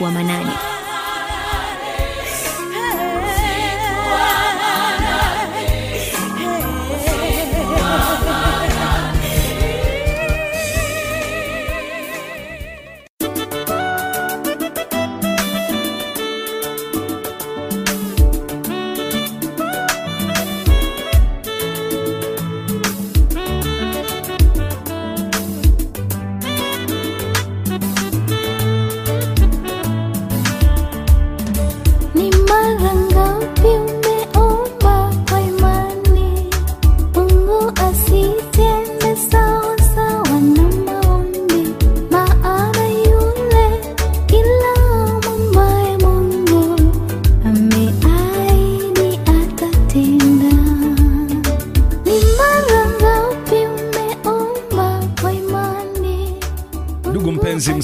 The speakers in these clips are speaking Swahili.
uaminifu wa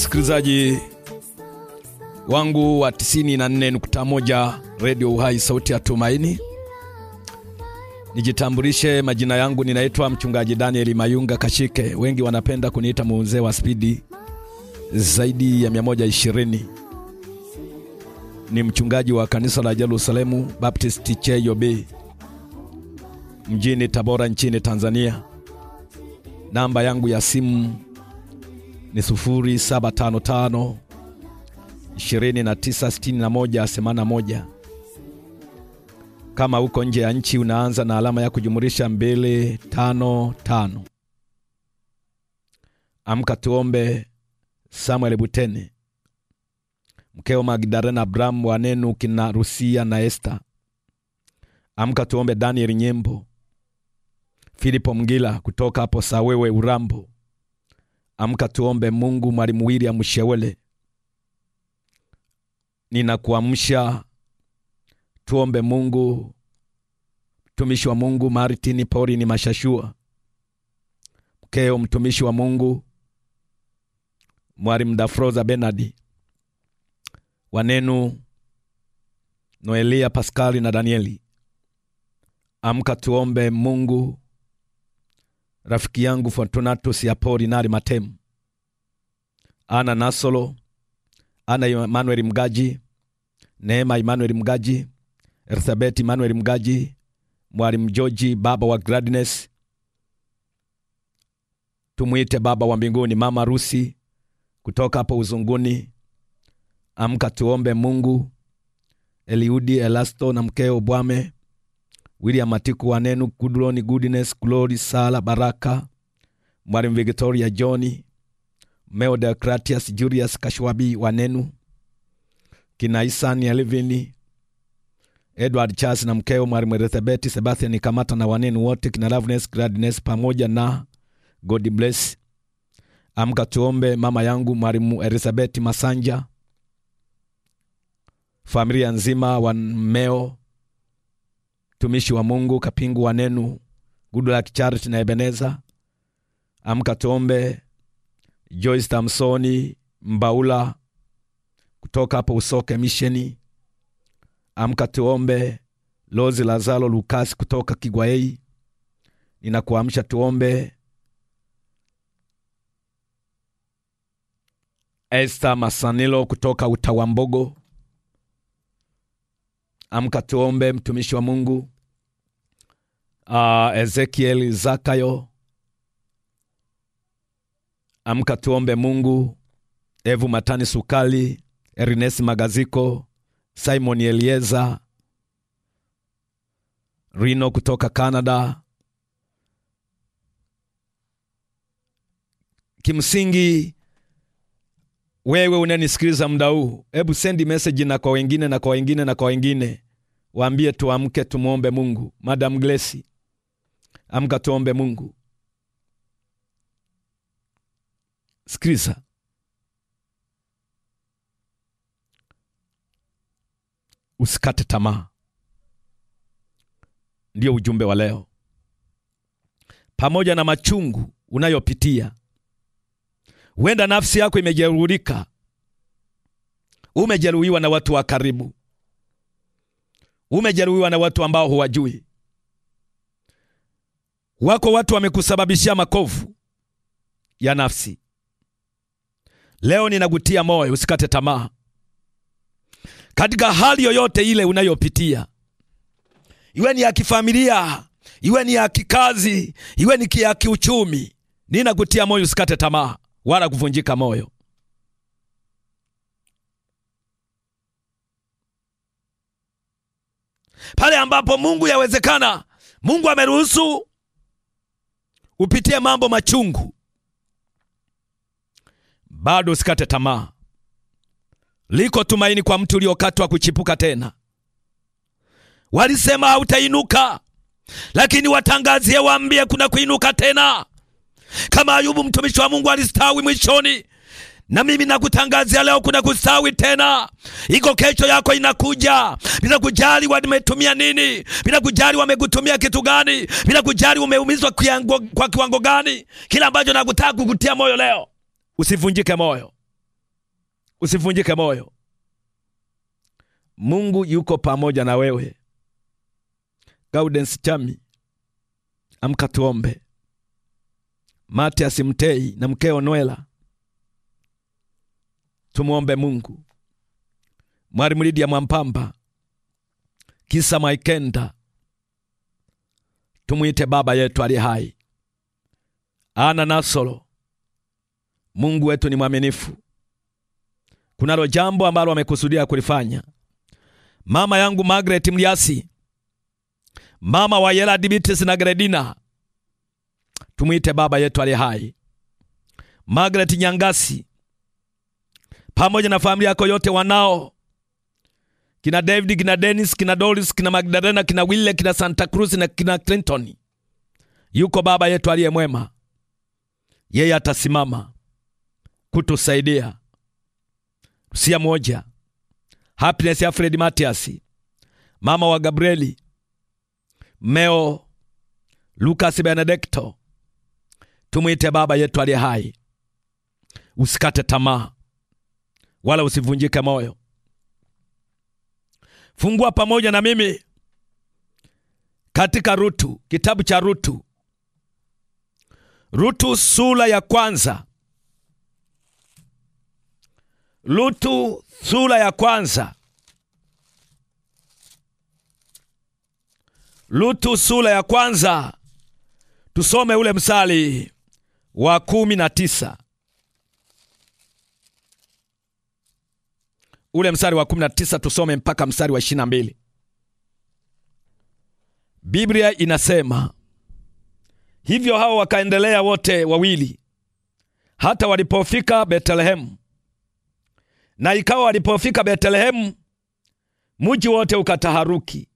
msikilizaji wangu wa 94.1 Radio Uhai, sauti ya Tumaini. Nijitambulishe, majina yangu ninaitwa mchungaji Daniel Mayunga Kashike. Wengi wanapenda kuniita mzee wa spidi zaidi ya 120. Ni mchungaji wa kanisa la Jerusalemu Baptist Cheyobe mjini Tabora nchini Tanzania. Namba yangu ya simu ni 0755 296181. Kama uko nje ya nchi unaanza na alama ya kujumulisha 255. Amka tuombe. Samuel Butene, mkeo Magdalena Abraham, wanenu kina Rusia na Esta. Amka tuombe. Daniel Nyembo, Filipo Mgila kutoka hapo Sawewe Urambo Amka tuombe Mungu. Mwalimu wili amshewele ninakuamsha tuombe Mungu. Mtumishi wa Mungu Martin Pauli ni Mashashua, mkeo mtumishi wa Mungu Mwalimu Dafroza Bernard, wanenu Noelia Paskali na Danieli, amka tuombe Mungu rafiki yangu Fortunatus Apolinari Matemu, Ana Nasolo, Ana Emanueli Mgaji, Neema Emanueli Mgaji, Elizabeth Emanueli Mgaji, Mwalimu Joji, baba wa Gladness, tumwite baba wa mbinguni, mama Rusi kutoka hapo uzunguni. Amka tuombe Mungu. Eliudi Elasto na mkeo Bwame William Atiku Wanenu, kudroni Goodness, Glory Sala, Baraka Mwalimu Victoria John, Meo Julius Kashwabi Wanenu, Kinaisani Elvini, Edward Charles na mkeo Mwalimu Elizabeth Sebastian Kamata na Wanenu wote, kina Loveness Gladness pamoja na God bless. Amka tuombe, mama yangu Mwalimu Elizabeth Masanja, familia nzima wa Meo mtumishi wa Mungu Kapingu wa Nenu, Goodluck Charity na Ebeneza, Amka Tombe, Joyce Tamsoni Mbaula kutoka hapo Usoke Misheni, Amka Tuombe, Lozi Lazalo Lukasi kutoka Kigwaei, ninakuamsha tuombe. Esther Masanilo kutoka Utawambogo, Amka tuombe, mtumishi wa Mungu. Uh, Ezekiel Zakayo, amka tuombe Mungu. Evu Matani Sukali, Ernest Magaziko, Simon Elieza, Rino kutoka Canada. Kimsingi wewe unanisikiliza muda huu, hebu sendi meseji na kwa wengine na kwa wengine na kwa wengine, waambie tuamke, tumwombe Mungu. Madam Glesi, amka tuombe Mungu. Sikiliza, usikate tamaa, ndio ujumbe wa leo. Pamoja na machungu unayopitia Huenda nafsi yako imejeruhika, umejeruhiwa na watu wa karibu, umejeruhiwa na watu ambao huwajui. Wako watu wamekusababishia makovu ya nafsi. Leo ninakutia moyo, usikate tamaa katika hali yoyote ile unayopitia, iwe ni ya kifamilia, iwe ni ya kikazi, iwe ni ya kiuchumi. Ninakutia moyo, usikate tamaa wala kuvunjika moyo. Pale ambapo Mungu yawezekana, Mungu ameruhusu upitie mambo machungu, bado usikate tamaa. Liko tumaini kwa mtu uliokatwa kuchipuka tena. Walisema hautainuka, lakini watangazie, waambie kuna kuinuka tena. Kama Ayubu mtumishi wa Mungu alistawi mwishoni, na mimi nakutangazia leo kuna kustawi tena. Iko kesho yako inakuja, bila kujali wametumia nini, bila kujali wamekutumia kitu gani, bila kujali umeumizwa kwa kiwango gani. Kila ambacho nakutaka kukutia moyo leo, usivunjike moyo, usivunjike moyo. Mungu yuko pamoja na wewe. Gaudens Chami, amka tuombe. Matias Mtei na mkeo Noela. Tumwombe Mungu. Mwalimu Lidia Mwampamba, Kisa Maikenda, tumwite baba yetu ali hai. Ana Nasolo, Mungu wetu ni mwaminifu. Kunalo jambo ambalo amekusudia kulifanya. Mama yangu magreti Mliasi, mama wa Yela Dibitis na Gredina tumwite Baba yetu aliye hai. Margaret Nyangasi pamoja na familia yako yote, wanao kina David, kina Dennis, kina Doris, kina Magdalena, kina Wille, kina Santa Cruz na kina Clinton. Yuko Baba yetu aliye mwema, yeye atasimama kutusaidia. usia moja Happiness ya Fred Matias, mama wa Gabrieli, Meo Lucas Benedicto tumwite Baba yetu aliye hai. Usikate tamaa wala usivunjike moyo. Fungua pamoja na mimi katika Rutu, kitabu cha Rutu, Rutu sura ya kwanza, Rutu sura ya kwanza, Rutu sura ya kwanza, tusome ule msali wa kumi na tisa ule mstari wa kumi na tisa tusome mpaka mstari wa ishirini na mbili. Biblia inasema hivyo, hao wakaendelea wote wawili hata walipofika betelehemu Na ikawa walipofika betelehemu mji wote ukataharuki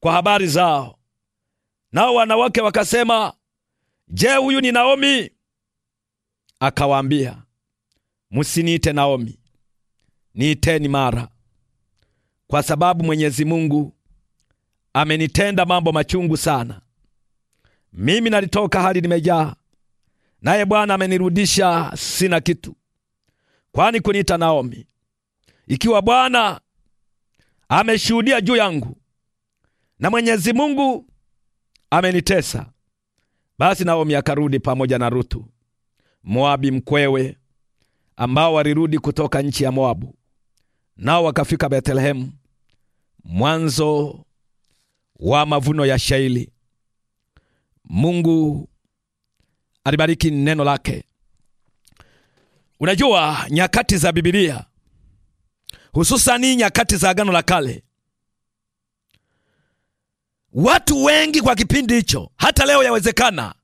kwa habari zao, nao wanawake wakasema Je, huyu ni Naomi? Akawaambia, msiniite Naomi, niiteni Mara, kwa sababu Mwenyezi Mungu amenitenda mambo machungu sana. Mimi nalitoka hali nimejaa, naye Bwana amenirudisha sina kitu. Kwani kuniita Naomi, ikiwa Bwana ameshuhudia juu yangu na Mwenyezi Mungu amenitesa basi Naomi akarudi pamoja na Rutu Moabi mkwewe, ambao walirudi kutoka nchi ya Moabu, nao wakafika betelehemu mwanzo wa mavuno ya shaili. Mungu alibariki neno lake. Unajua, nyakati za Biblia hususani nyakati za Agano la Kale Watu wengi kwa kipindi hicho, hata leo yawezekana,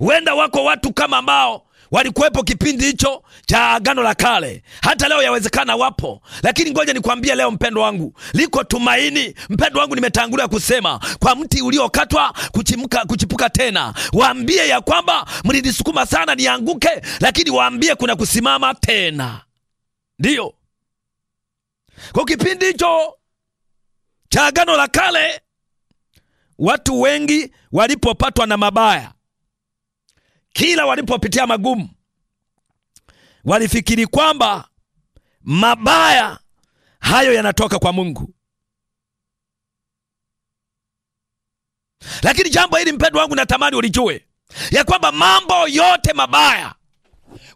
wenda wako watu kama ambao walikuwepo kipindi hicho cha Agano la Kale, hata leo yawezekana wapo. Lakini ngoja nikwambie leo, mpendo wangu, liko tumaini. Mpendo wangu, nimetangulia kusema kwa mti uliokatwa kuchimka, kuchipuka tena. Waambie ya kwamba mlinisukuma sana nianguke, lakini waambie kuna kusimama tena. Ndiyo, kwa kipindi hicho cha Agano la Kale watu wengi walipopatwa na mabaya, kila walipopitia magumu, walifikiri kwamba mabaya hayo yanatoka kwa Mungu. Lakini jambo hili mpendwa wangu, natamani ulijue ya kwamba mambo yote mabaya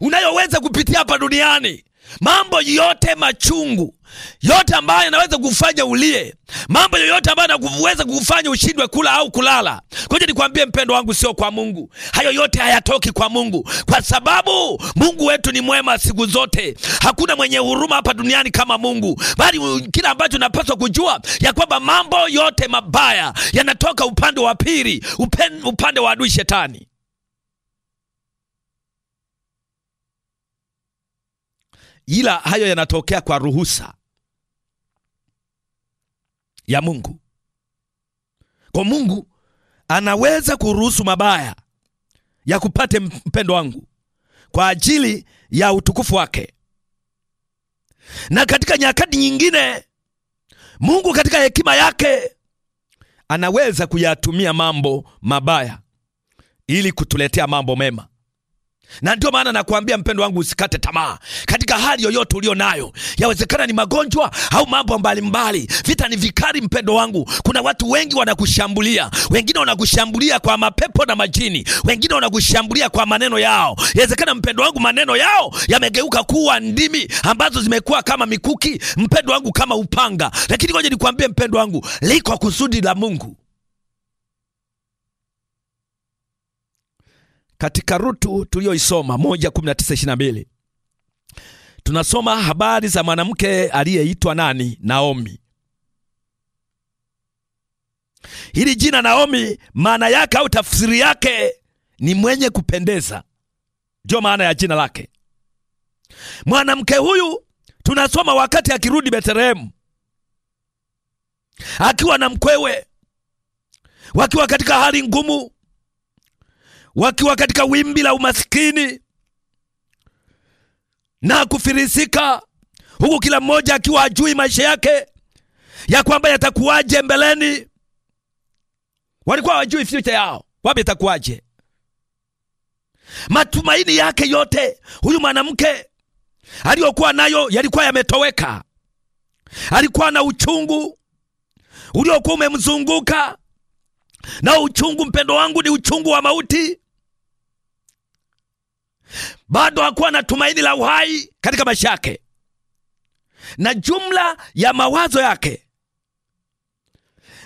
unayoweza kupitia hapa duniani, mambo yote machungu yote ambayo yanaweza kufanya ulie, mambo yoyote ambayo yanaweza kufanya ushindwe kula au kulala. Kwaje nikwambie mpendo wangu, sio kwa Mungu. Hayo yote hayatoki kwa Mungu, kwa sababu Mungu wetu ni mwema siku zote. Hakuna mwenye huruma hapa duniani kama Mungu, bali kila ambacho napaswa kujua ya kwamba mambo yote mabaya yanatoka upande wa pili, upande wa adui Shetani. ila hayo yanatokea kwa ruhusa ya Mungu. Kwa Mungu anaweza kuruhusu mabaya ya kupate mpendo wangu kwa ajili ya utukufu wake. Na katika nyakati nyingine Mungu katika hekima yake anaweza kuyatumia mambo mabaya ili kutuletea mambo mema na ndio maana nakwambia mpendo wangu, usikate tamaa katika hali yoyote ulio nayo. Yawezekana ni magonjwa au mambo mbalimbali. Vita ni vikali, mpendo wangu. Kuna watu wengi wanakushambulia, wengine wanakushambulia kwa mapepo na majini, wengine wanakushambulia kwa maneno yao. Yawezekana mpendo wangu, maneno yao yamegeuka kuwa ndimi ambazo zimekuwa kama mikuki, mpendo wangu, kama upanga. Lakini ngoja nikwambie mpendo wangu, liko kusudi la Mungu katika Rutu tuliyoisoma 1:19-22 tunasoma habari za mwanamke aliyeitwa nani? Naomi. Hili jina Naomi maana yake au tafsiri yake ni mwenye kupendeza, ndio maana ya jina lake. Mwanamke huyu tunasoma wakati akirudi Betlehemu akiwa na mkwewe, wakiwa katika hali ngumu, wakiwa katika wimbi la umaskini na kufirisika, huku kila mmoja akiwa ajui maisha yake ya kwamba yatakuwaje mbeleni. Walikuwa wajui future yao kwamba itakuwaje. Matumaini yake yote huyu mwanamke aliyokuwa nayo yalikuwa yametoweka. Alikuwa na uchungu uliokuwa umemzunguka, na uchungu, mpendo wangu, ni uchungu wa mauti bado hakuwa na tumaini la uhai katika maisha yake, na jumla ya mawazo yake,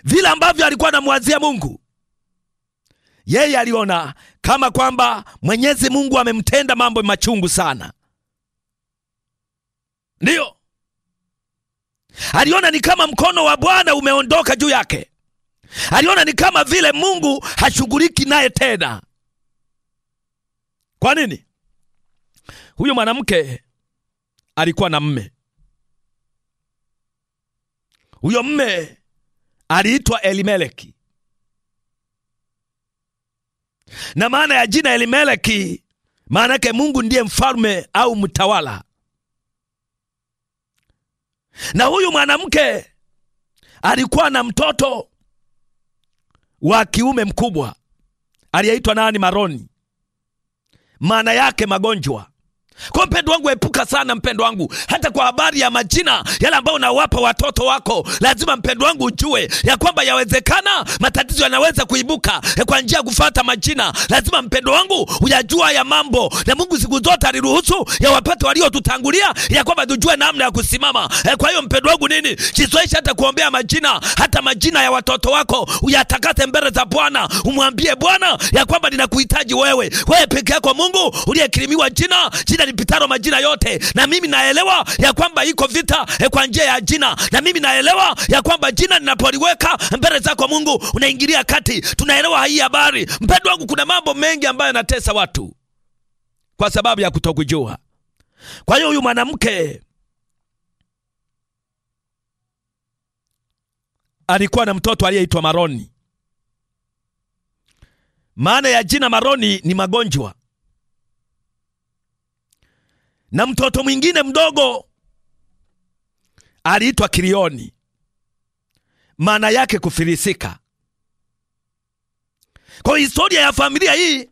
vile ambavyo alikuwa anamwazia Mungu, yeye aliona kama kwamba Mwenyezi Mungu amemtenda mambo machungu sana. Ndiyo aliona ni kama mkono wa Bwana umeondoka juu yake. Aliona ni kama vile Mungu hashughuliki naye tena. Kwa nini? Huyu mwanamke alikuwa na mme. Huyo mme aliitwa Elimeleki, na maana ya jina Elimeleki maana yake Mungu ndiye mfalme au mtawala. Na huyu mwanamke alikuwa na mtoto wa kiume mkubwa aliyeitwa nani? Maroni, maana yake magonjwa. Kwa mpendo wangu, epuka sana mpendo wangu, hata kwa habari ya majina yale ambayo unawapa watoto wako. Lazima mpendo wangu ujue ya kwamba yawezekana matatizo yanaweza kuibuka e, kwa njia ya kufata majina. Lazima mpendo wangu uyajua ya mambo, na Mungu siku zote aliruhusu yawapate waliotutangulia ya kwamba tujue namna ya kusimama. E, kwa hiyo mpendo wangu, nini jizoeshe hata kuombea majina, hata majina ya watoto wako uyatakase mbele za Bwana, umwambie Bwana ya kwamba ninakuhitaji wewe, wewe peke yako Mungu uliyekirimiwa jina jina jina majina yote, na mimi naelewa ya kwamba iko vita e, kwa njia ya jina, na mimi naelewa ya kwamba jina ninapoliweka mbele zako Mungu unaingilia kati. Tunaelewa hii habari mpendo wangu, kuna mambo mengi ambayo yanatesa watu kwa sababu ya kutokujua. Kwa hiyo huyu mwanamke alikuwa na mtoto aliyeitwa Maroni. Maana ya jina Maroni ni magonjwa na mtoto mwingine mdogo aliitwa Kilioni, maana yake kufilisika. Kwa historia ya familia hii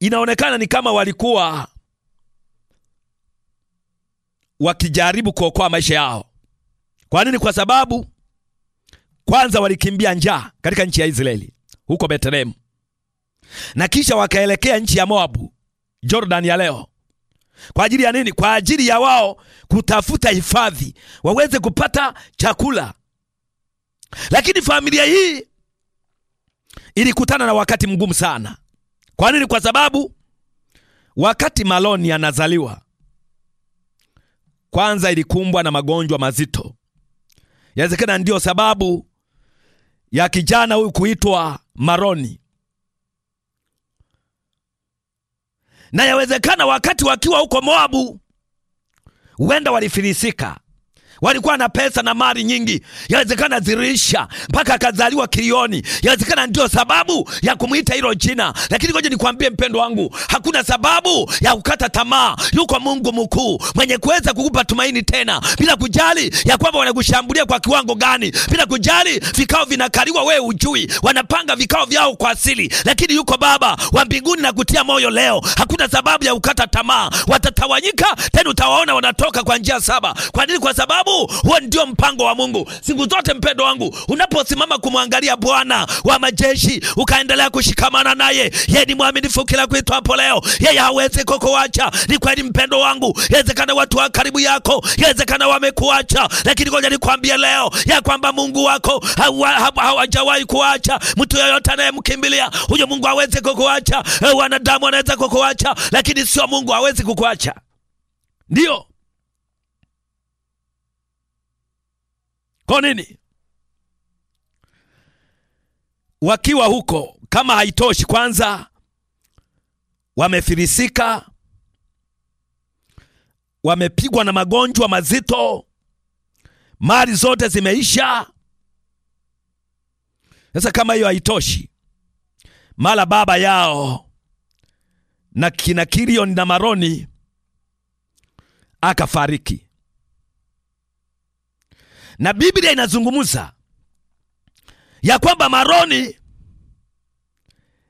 inaonekana ni kama walikuwa wakijaribu kuokoa maisha yao. Kwa nini? Kwa sababu kwanza walikimbia njaa katika nchi ya Israeli huko Betlehemu, na kisha wakaelekea nchi ya Moabu, Jordan ya leo kwa ajili ya nini? Kwa ajili ya wao kutafuta hifadhi, waweze kupata chakula. Lakini familia hii ilikutana na wakati mgumu sana. Kwa nini? Kwa sababu wakati Maloni anazaliwa, kwanza ilikumbwa na magonjwa mazito. Yawezekana ndiyo sababu ya kijana huyu kuitwa Maroni. na yawezekana wakati wakiwa huko Moabu huenda walifilisika walikuwa na pesa na mali nyingi, yawezekana zirisha mpaka akazaliwa kilioni, yawezekana ndio sababu ya kumwita hilo jina. Lakini ngoja nikwambie mpendo wangu, hakuna sababu ya kukata tamaa. Yuko Mungu mkuu mwenye kuweza kukupa tumaini tena, bila kujali ya kwamba wanakushambulia kwa kiwango gani, bila kujali vikao vinakaliwa, wewe ujui, wanapanga vikao vyao kwa asili, lakini yuko Baba wa mbinguni na kutia moyo leo. Hakuna sababu ya kukata tamaa, watatawanyika tena, utawaona wanatoka kwa njia saba. Kwa nini? Kwa sababu nguvu. Huo ndio mpango wa Mungu siku zote, mpendo wangu, unaposimama kumwangalia Bwana wa majeshi, ukaendelea kushikamana naye. Yeye ni mwaminifu kila hapo leo, yeye hawezi kukuacha. Ni kweli mpendo wangu, yawezekana watu wa karibu yako, yawezekana wamekuacha, lakini ngoja nikwambie leo ya kwamba Mungu wako hawajawahi kuacha mtu yoyote anayemkimbilia huyo. Mungu hawezi kukuacha. Eh, wanadamu wanaweza kukuacha, lakini sio Mungu, hawezi kukuacha. Ndio Kwa nini? Wakiwa huko kama haitoshi, kwanza wamefilisika, wamepigwa na magonjwa mazito, mali zote zimeisha. Sasa kama hiyo haitoshi, mara baba yao na kina Kilioni na Maroni akafariki na Biblia inazungumza ya kwamba Maroni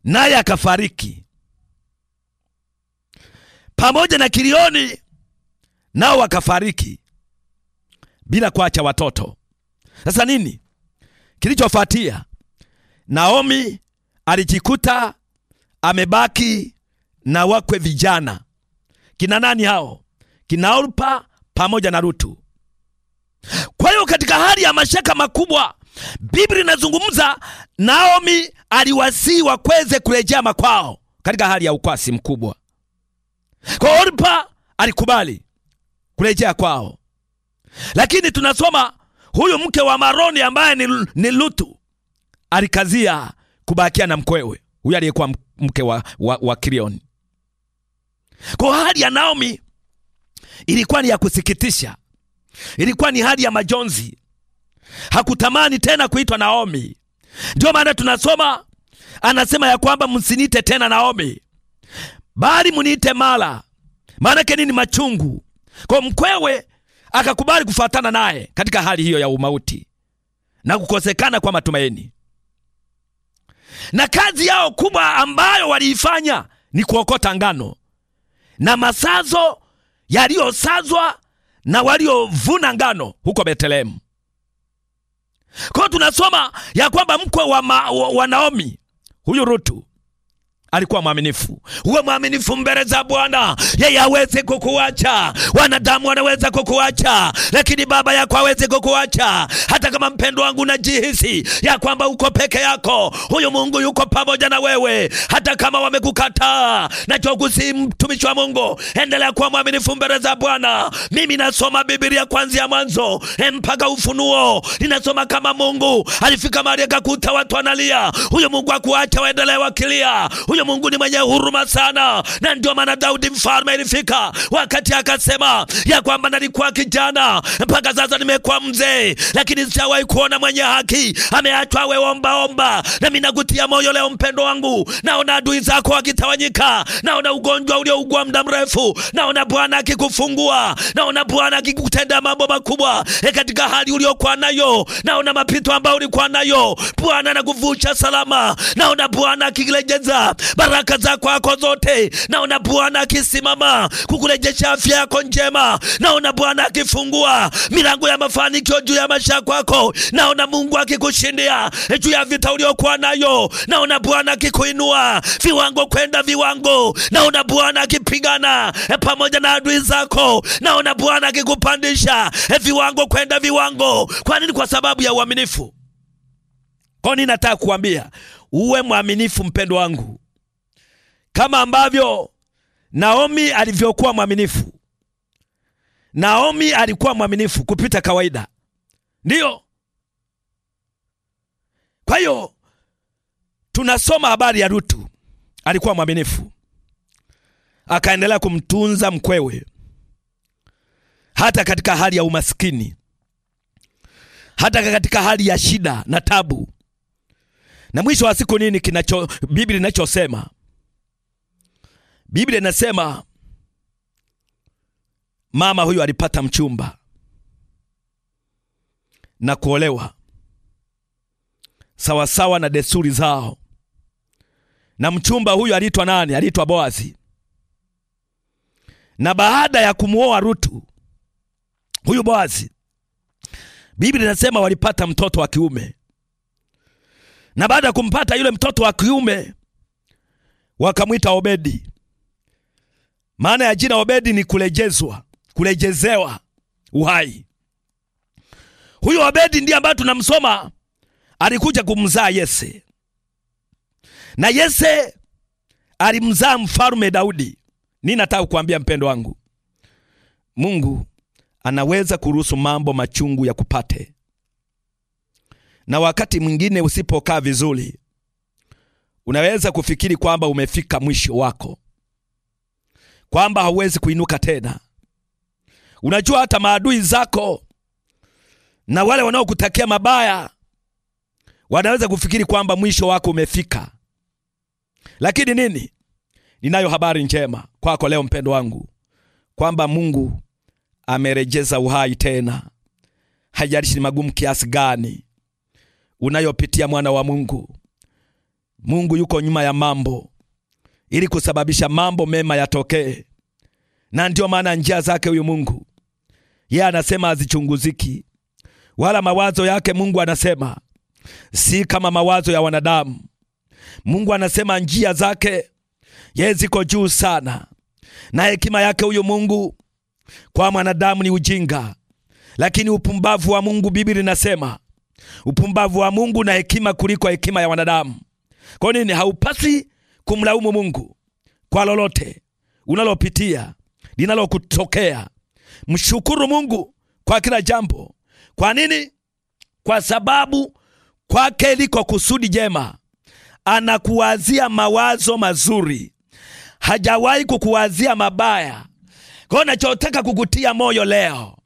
naye akafariki pamoja na Kilioni, nao wakafariki bila kuacha watoto. Sasa nini kilichofuatia? Naomi alijikuta amebaki na wakwe vijana. Kina nani hao? Kina Orpa pamoja na Rutu. Kwa hiyo katika hali ya mashaka makubwa, Biblia inazungumza Naomi aliwasii wakweze kurejea makwao katika hali ya ukwasi mkubwa. Kwa Orpa alikubali kurejea kwao, lakini tunasoma huyu mke wa Maroni ambaye ni, ni Lutu alikazia kubakia na mkwewe huyu aliyekuwa mke wa, wa, wa Kilioni. Kwa hali ya Naomi ilikuwa ni ya kusikitisha, Ilikuwa ni hali ya majonzi, hakutamani tena kuitwa Naomi. Ndio maana tunasoma anasema ya kwamba msiniite tena Naomi, bali muniite Mara. Maanake nini? Machungu. Kwa mkwewe akakubali kufuatana naye katika hali hiyo ya umauti na kukosekana kwa matumaini, na kazi yao kubwa ambayo waliifanya ni kuokota ngano na masazo yaliyosazwa na waliovuna ngano huko Betlehemu. Kwa hiyo tunasoma ya kwamba mkwe wa, ma, wa, wa Naomi huyu Rutu alikuwa mwaminifu. Uwe mwaminifu mbele za Bwana, yeye aweze kukuacha. Wanadamu wanaweza kukuacha, lakini baba yako aweze kukuacha. Hata kama mpendo wangu unajihisi ya kwamba uko peke yako, huyu Mungu yuko pamoja na wewe, hata kama wamekukataa. Nachokusi mtumishi wa Mungu, endelea kuwa mwaminifu mbele za Bwana. Mimi nasoma Biblia kuanzia mwanzo eh, mpaka Ufunuo, ninasoma kama Mungu alifika mahali akakuta watu analia. Huyu Mungu akuacha waendelee wakilia huyo Huyu Mungu ni mwenye huruma sana, na ndio maana Daudi mfalme ilifika wakati akasema ya kwamba nalikuwa kijana mpaka sasa nimekuwa mzee, lakini sijawahi kuona mwenye haki ameachwa awe Na mimi nakutia moyo leo mpendo wangu, naona adui zako wakitawanyika, naona ugonjwa uliougua muda mrefu, naona Bwana akikufungua, naona Bwana akikutenda mambo makubwa e katika hali uliokuwa nayo, naona mapito ambayo ulikuwa nayo, Bwana nakuvusha salama, naona Bwana akirejeza baraka za kwako zote. Naona Bwana akisimama kukurejesha afya yako njema. Naona Bwana akifungua milango ya mafanikio juu ya maisha kwako. Naona Mungu akikushindia juu ya vita uliokuwa nayo. Naona Bwana akikuinua viwango kwenda viwango. Naona Bwana akipigana pamoja na adui zako. Naona Bwana akikupandisha viwango kwenda viwango. Kwa nini? Kwa sababu ya uaminifu. Kwa nini nataka kuambia uwe mwaminifu, mpendo wangu kama ambavyo Naomi alivyokuwa mwaminifu. Naomi alikuwa mwaminifu kupita kawaida, ndiyo. Kwa hiyo tunasoma habari ya Rutu, alikuwa mwaminifu, akaendelea kumtunza mkwewe hata katika hali ya umaskini, hata katika hali ya shida na tabu. Na mwisho wa siku nini kinacho Biblia inachosema Biblia inasema mama huyu alipata mchumba na kuolewa sawasawa na desturi zao, na mchumba huyu aliitwa nani? Aliitwa Boazi. Na baada ya kumwoa Rutu huyu Boazi, Biblia inasema walipata mtoto wa kiume, na baada ya kumpata yule mtoto wa kiume wakamwita Obedi. Maana ya jina Obedi ni kurejezwa, kurejezewa uhai. Huyu Obedi ndiye ambaye tunamsoma alikuja kumzaa Yese, na Yese alimzaa mfarume Daudi. Nini nataka kukuambia mpendo wangu, Mungu anaweza kuruhusu mambo machungu ya kupate, na wakati mwingine usipokaa vizuri, unaweza kufikiri kwamba umefika mwisho wako, kwamba hauwezi kuinuka tena. Unajua hata maadui zako na wale wanaokutakia mabaya wanaweza kufikiri kwamba mwisho wako umefika, lakini nini? Ninayo habari njema kwako leo mpendo wangu, kwamba Mungu amerejeza uhai tena. Haijalishi ni magumu kiasi gani unayopitia, mwana wa Mungu, Mungu yuko nyuma ya mambo ili kusababisha mambo mema yatokee, na ndiyo maana njia zake huyu Mungu yeye anasema hazichunguziki, wala mawazo yake Mungu anasema si kama mawazo ya wanadamu. Mungu anasema njia zake yeye ziko juu sana, na hekima yake huyu Mungu kwa mwanadamu ni ujinga, lakini upumbavu wa Mungu, Biblia inasema upumbavu wa Mungu na hekima kuliko hekima ya wanadamu. Kwa nini haupasi kumlaumu Mungu kwa lolote unalopitia linalokutokea. Mshukuru Mungu kwa kila jambo. Kwa nini? Kwa sababu kwake liko kusudi jema. Anakuwazia mawazo mazuri, hajawahi kukuwazia mabaya. Kwa hiyo nachotaka kukutia moyo leo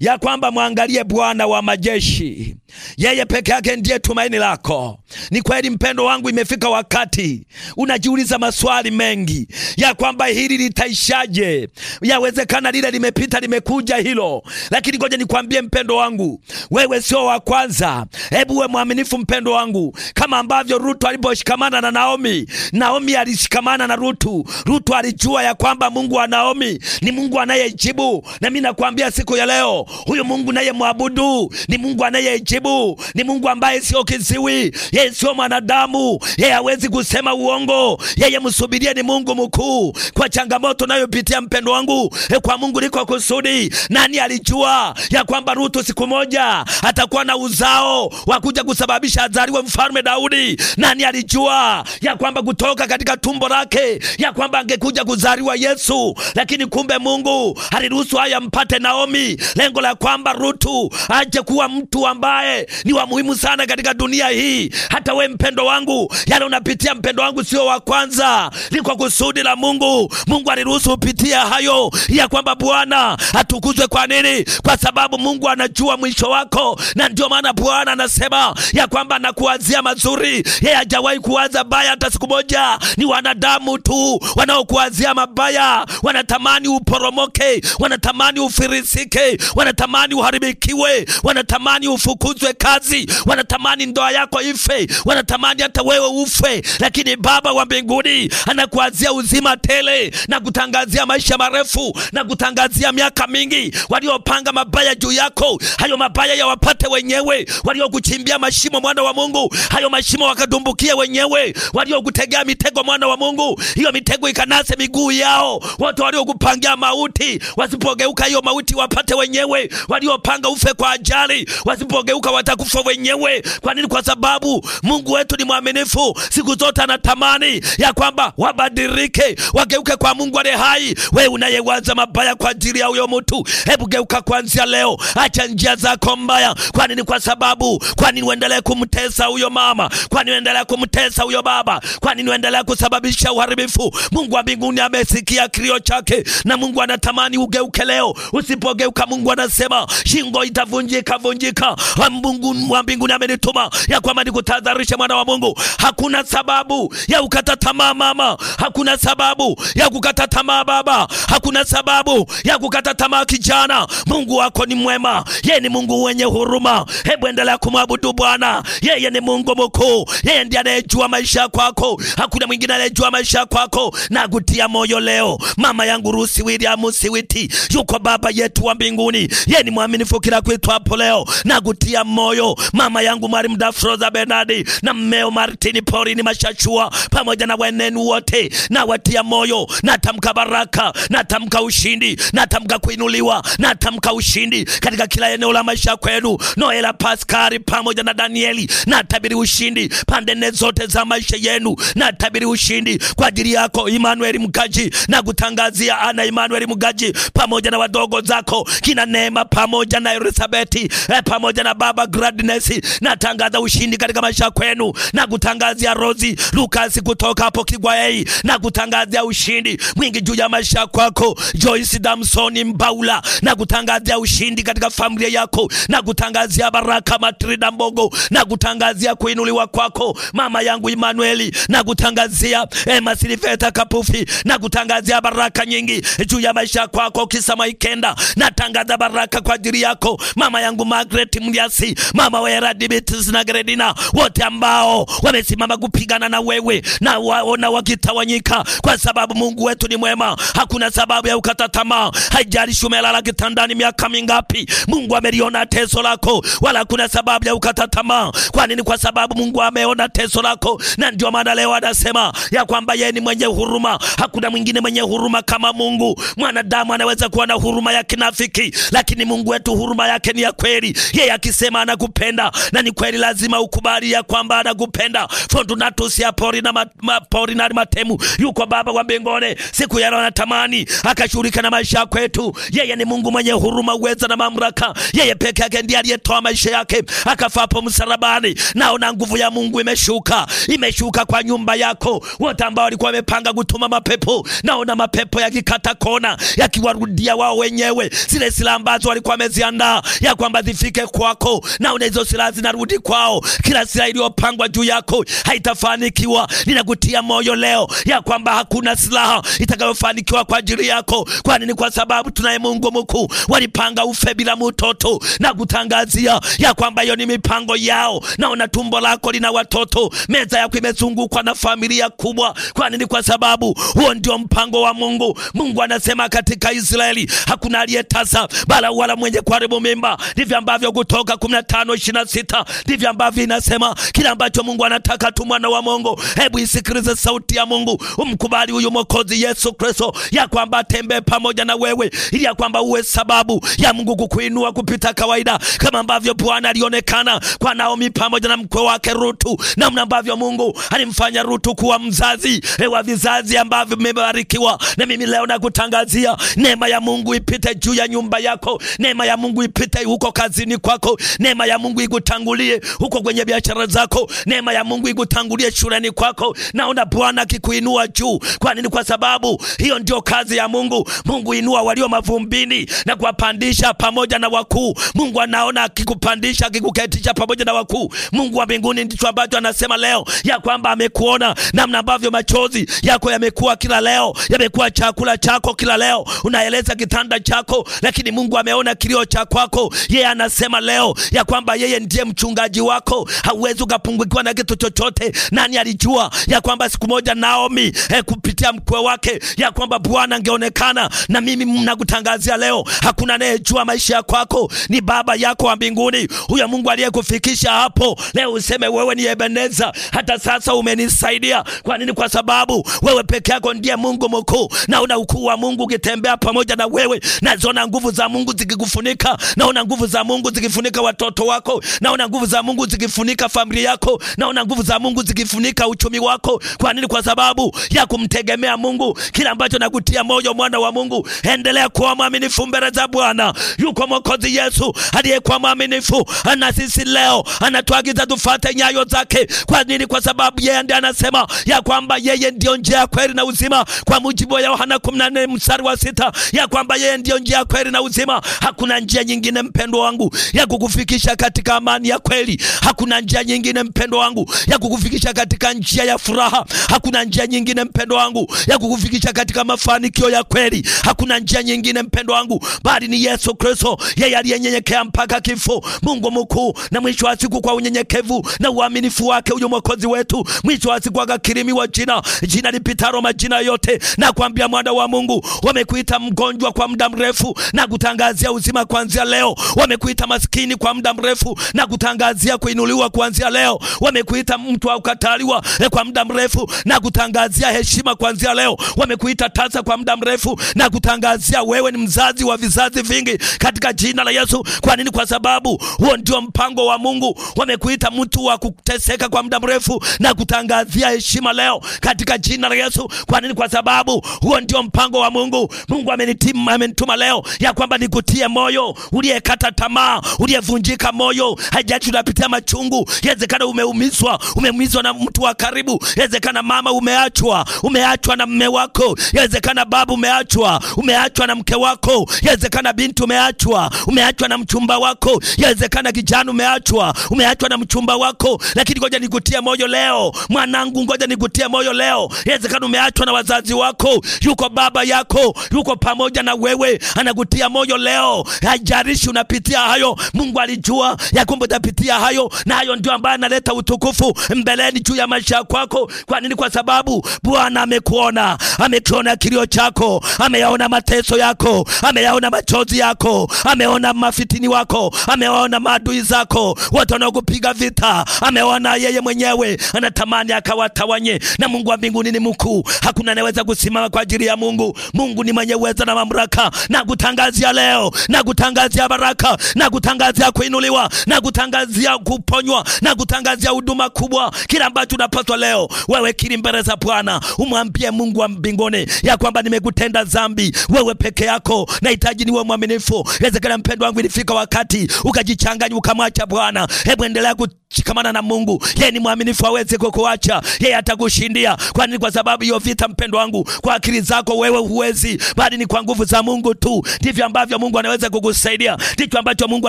ya kwamba mwangalie Bwana wa majeshi, yeye peke yake ndiye tumaini lako. Ni kweli mpendo wangu, imefika wakati unajiuliza maswali mengi ya kwamba hili litaishaje. Yawezekana lile limepita, limekuja hilo, lakini ngoja nikwambie mpendo wangu, wewe sio wa kwanza. Hebu we mwaminifu mpendo wangu, kama ambavyo Rutu aliposhikamana na Naomi. Naomi alishikamana na Rutu. Rutu alijua ya kwamba Mungu wa Naomi ni Mungu anayejibu, na mimi nakwambia siku ya leo leo. Huyu Mungu naye mwabudu ni Mungu anayejibu, ni Mungu ambaye sio kiziwi, yeye sio mwanadamu, yeye hawezi kusema uongo. Yeye msubirie, ni Mungu mkuu. Kwa changamoto nayopitia mpendo wangu, eh, kwa Mungu liko kusudi. Nani alijua ya kwamba Rutu siku moja atakuwa na uzao wa kuja kusababisha azaliwe mfalme Daudi? Nani alijua ya kwamba kutoka katika tumbo lake ya kwamba angekuja kuzaliwa Yesu? Lakini kumbe Mungu aliruhusu haya mpate Naomi, lengo la kwamba Rutu aje kuwa mtu ambaye ni wa muhimu sana katika dunia hii. Hata we mpendo wangu, yale unapitia mpendo wangu sio wa kwanza, ni kwa kusudi la Mungu. Mungu aliruhusu upitia hayo ya kwamba Bwana atukuzwe. Kwa nini? Kwa sababu Mungu anajua mwisho wako, na ndio maana Bwana anasema ya kwamba nakuanzia mazuri. Yeye hajawahi kuanza baya hata siku moja. Ni wanadamu tu wanaokuanzia mabaya, wanatamani uporomoke, wanatamani ufirisike wanatamani uharibikiwe, wanatamani ufukuzwe kazi, wanatamani ndoa yako ife, wanatamani hata wewe ufe, lakini Baba wa mbinguni anakuazia uzima tele na kutangazia maisha marefu na kutangazia miaka mingi. Waliopanga mabaya juu yako, hayo mabaya yawapate wenyewe. Waliokuchimbia mashimo, mwana wa Mungu, hayo mashimo wakadumbukie wenyewe. Waliokutegea mitego, mwana wa Mungu, hiyo mitego ikanase miguu yao. Watu waliokupangia mauti, wasipogeuka hiyo mauti wapate wenyewe wenyewe. Waliopanga ufe kwa ajali, wasipogeuka watakufa wenyewe. Kwa nini? Kwa sababu Mungu wetu ni mwaminifu, siku zote anatamani ya kwamba wabadilike, wageuke kwa Mungu aliye hai. We unayewaza mabaya kwa ajili ya huyo mtu, hebu geuka kuanzia leo, acha njia zako mbaya. Kwa nini? Kwa sababu, kwa nini uendelee kumtesa huyo mama? Kwa nini uendelee kumtesa huyo baba? Kwa nini uendelee kusababisha uharibifu? Mungu wa mbinguni amesikia kilio chake, na Mungu anatamani ugeuke leo. Usipogeuka Mungu Mungu anasema shingo itavunjika vunjika. Mungu wa mbinguni amenituma ya kwamba nikutahadharisha mwana wa Mungu, hakuna sababu ya ukata tamaa mama, hakuna sababu ya kukata tamaa baba, hakuna sababu ya kukata tamaa kijana. Mungu wako ni mwema, yeye ni Mungu wenye huruma. Hebu endelea kumwabudu Bwana, yeye ni Mungu mkuu, yeye ndiye anayejua maisha kwako, hakuna mwingine anayejua maisha kwako. Nakutia moyo leo, mama yangu Rusi William Siwiti, yuko baba yetu wa mbinguni mbinguni. Ye ni mwaminifu kila kwitu hapo leo na kutia moyo mama yangu mwalimu Dafroza Benadi na mmeo Martini Porini Mashachua pamoja na wenenu wote, na watia moyo, natamka baraka, natamka ushindi, natamka kuinuliwa, natamka ushindi katika kila eneo la maisha kwenu. Noela Paskari pamoja na Danieli, natabiri ushindi pande nne zote za maisha yenu, natabiri ushindi kwa ajili yako Emmanuel Mgaji, na kutangazia ana Emmanuel Mgaji pamoja na wadogo zako kina Nina neema pamoja na Elizabeti eh, pamoja na baba Gladness. Natangaza ushindi katika maisha kwenu na kutangazia Rozi Lucas kutoka hapo Kigwaei na kutangazia ushindi mwingi juu ya maisha kwako Joyce Damson Mbaula na kutangazia ushindi katika familia yako na kutangazia baraka Matrida Mbogo na kutangazia kuinuliwa kwako mama yangu Emmanueli na kutangazia Emma Silveta Kapufi na kutangazia baraka nyingi juu ya maisha kwako Kisa Maikenda na Father, baraka kwa ajili yako mama yangu Margaret Mliasi, mama wa Eradibitis na Gredina, wote ambao wamesimama kupigana na wewe na waona wakitawanyika, kwa sababu Mungu wetu ni mwema, hakuna sababu ya ukata tamaa. Haijalishi umelala kitandani miaka mingapi, Mungu ameliona teso lako, wala kuna sababu ya ukata tamaa. Kwa nini? Kwa sababu Mungu ameona teso lako, na ndio maana leo anasema ya kwamba yeye ni mwenye huruma, hakuna mwingine mwenye huruma kama Mungu. Mwanadamu anaweza kuwa na huruma ya kinafiki lakini Mungu wetu huruma yake ni ya kweli. Yeye akisema anakupenda na ni kweli, lazima ukubali ya kwamba anakupenda. fondunatusia pori na mat, ma, pori na matemu yuko Baba wa mbinguni siku ya leo anatamani akashughulika na maisha kwetu. Yeye ni Mungu mwenye huruma, uweza na mamlaka. Yeye peke yake ndiye aliyetoa maisha yake akafa hapo msalabani. Naona nguvu ya Mungu imeshuka, imeshuka kwa nyumba yako. Wote ambao walikuwa wamepanga kutuma mapepo, naona mapepo yakikata kona, yakiwarudia wao wenyewe zile silaha ambazo walikuwa wameziandaa ya kwamba zifike kwako, na hizo silaha zinarudi kwao. Kila silaha iliyopangwa juu yako haitafanikiwa. Ninakutia moyo leo ya kwamba hakuna silaha itakayofanikiwa kwa ajili yako. Kwa nini? Kwa sababu tunaye Mungu mkuu. Walipanga ufe bila mtoto na kutangazia ya kwamba hiyo ni mipango yao. Naona tumbo lako lina watoto, meza yako imezungukwa na familia kubwa. Kwa nini? Kwa sababu huo ndio mpango wa Mungu. Mungu anasema katika Israeli hakuna aliyetasa bala wala mwenye kuharibu mimba. Ndivyo ambavyo Kutoka 15:26 ndivyo ambavyo inasema kila ambacho Mungu anataka tu, mwana wa Mungu, hebu isikilize sauti ya Mungu, umkubali huyu mwokozi Yesu Kristo, ya kwamba atembee pamoja na wewe, ili ya kwamba uwe sababu ya Mungu kukuinua kupita kawaida, kama ambavyo Bwana alionekana kwa Naomi pamoja na mkwe wake Rutu, namna ambavyo Mungu alimfanya Rutu kuwa mzazi eh, wa vizazi ambavyo mmebarikiwa. Na mimi leo nakutangazia neema ya Mungu ipite juu ya nyumba nyumba yako. Neema ya Mungu ipite huko kazini kwako. Neema ya Mungu igutangulie huko kwenye biashara zako. Neema ya Mungu igutangulie shuleni kwako. Naona Bwana akikuinua juu. Kwa nini? Kwa sababu hiyo ndio kazi ya Mungu. Mungu inua walio mavumbini na kuwapandisha pamoja na wakuu. Mungu anaona akikupandisha, akikuketisha pamoja na wakuu. Mungu wa mbinguni ndicho ambacho anasema leo ya kwamba amekuona namna ambavyo machozi yako yamekuwa kila leo, yamekuwa chakula chako kila leo, unaeleza kitanda chako lakini lakini Mungu ameona kilio cha kwako. Yeye anasema leo ya kwamba yeye ndiye mchungaji wako, hauwezi ukapungukiwa na kitu chochote. Nani alijua ya kwamba siku moja Naomi eh, kupitia mkwe wake ya kwamba Bwana angeonekana? Na mimi mnakutangazia leo, hakuna anayejua maisha ya kwako, ni Baba yako wa mbinguni, huyo Mungu aliyekufikisha hapo. Leo useme wewe ni Ebeneza, hata sasa umenisaidia. Kwa nini? Kwa sababu wewe peke yako ndiye Mungu mkuu, na una ukuu wa Mungu ukitembea pamoja na wewe, naziona nguvu za Mungu zikikufunika, naona nguvu za Mungu zikifunika watoto wako, naona nguvu za Mungu zikifunika familia yako, naona nguvu za Mungu zikifunika uchumi wako. Kwa nini? Kwa sababu ya kumtegemea Mungu. Kila ambacho nakutia moyo, mwana wa Mungu, endelea kuwa mwaminifu mbele za Bwana. Yuko Mwokozi Yesu aliyekuwa mwaminifu, na sisi leo anatuagiza tufate nyayo zake. Kwa nini? Kwa sababu yeye ndiye anasema ya kwamba yeye ndio njia ya kweli na uzima, kwa mujibu wa Yohana 14 mstari wa sita, ya kwamba yeye ndio njia ya kweli na uzima. Hakuna njia nyingine mpendo wangu ya kukufikisha katika amani ya kweli. Hakuna njia nyingine mpendo wangu ya kukufikisha katika njia ya furaha. Hakuna njia nyingine mpendo wangu ya kukufikisha katika mafanikio ya kweli. Hakuna njia nyingine mpendo wangu bali ni Yesu Kristo, yeye aliyenyenyekea mpaka kifo. Mungu mkuu na mwisho wa siku, kwa unyenyekevu na uaminifu wake huyo mwokozi wetu, mwisho wa siku akakirimiwa jina, jina lipitalo majina yote, na kuambia mwana wa Mungu, wamekuita mgonjwa kwa muda mrefu na kutangazia uzima kuanzia leo. Wamekuita maskini kwa muda mrefu na kutangazia kuinuliwa kuanzia leo. Wamekuita mtu aukataliwa eh, kwa muda mrefu na kutangazia heshima kuanzia leo. Wamekuita tasa kwa muda mrefu na kutangazia wewe ni mzazi wa vizazi vingi katika jina la Yesu. Kwa nini? Kwa sababu huo ndio mpango wa Mungu. Wamekuita mtu wa kuteseka kwa muda mrefu na kutangazia heshima leo katika jina la Yesu. Kwa nini? Kwa sababu huo ndio mpango wa Mungu. Mungu amenituma, amenituma leo ya kwa kwamba nikutie moyo, uliyekata tamaa, uliyevunjika moyo. Haijalishi unapitia machungu, yawezekana umeumizwa, umeumizwa na mtu wa karibu, yawezekana mama umeachwa, umeachwa na mme wako, yawezekana babu umeachwa, umeachwa na mke wako, yawezekana binti umeachwa, umeachwa na mchumba wako, yawezekana kijana umeachwa, umeachwa na mchumba wako. Lakini ngoja nikutie moyo leo, mwanangu, ngoja nikutie moyo leo. Yawezekana umeachwa na wazazi wako, yuko baba yako, yuko pamoja na wewe, anakutia moyo leo. Haijalishi unapitia hayo, Mungu alijua ya kwamba utapitia hayo, na hayo ndio ambayo analeta utukufu mbeleni juu ya maisha kwako. Kwa nini? Kwa sababu Bwana amekuona, amekiona kilio chako, ameyaona mateso yako, ameyaona machozi yako, ameona mafitini wako, ameona maadui zako, watu wanaokupiga vita, ameona yeye mwenyewe, anatamani akawatawanye. Na Mungu wa mbinguni ni mkuu, hakuna anayeweza kusimama kwa ajili ya Mungu. Mungu ni mwenye uweza na mamlaka na kutangaza kutangazia leo, na kutangazia baraka, na kutangazia kuinuliwa, na kutangazia kuponywa, na kutangazia huduma kubwa. Kila ambacho unapaswa leo, wewe kiri mbele za Bwana, umwambie Mungu wa mbinguni ya kwamba nimekutenda dhambi, wewe peke yako, nahitaji niwe mwaminifu. Inawezekana mpendo wangu, ilifika wakati ukajichanganya, ukamwacha Bwana. Hebu endelea Shikamana na Mungu, yeye ni mwaminifu, aweze kukuacha, yeye atakushindia. Kwa nini? Kwa sababu hiyo vita, mpendo wangu, kwa akili zako wewe huwezi, bali ni kwa nguvu za Mungu tu. Ndivyo ambavyo Mungu anaweza kukusaidia, ndicho ambacho Mungu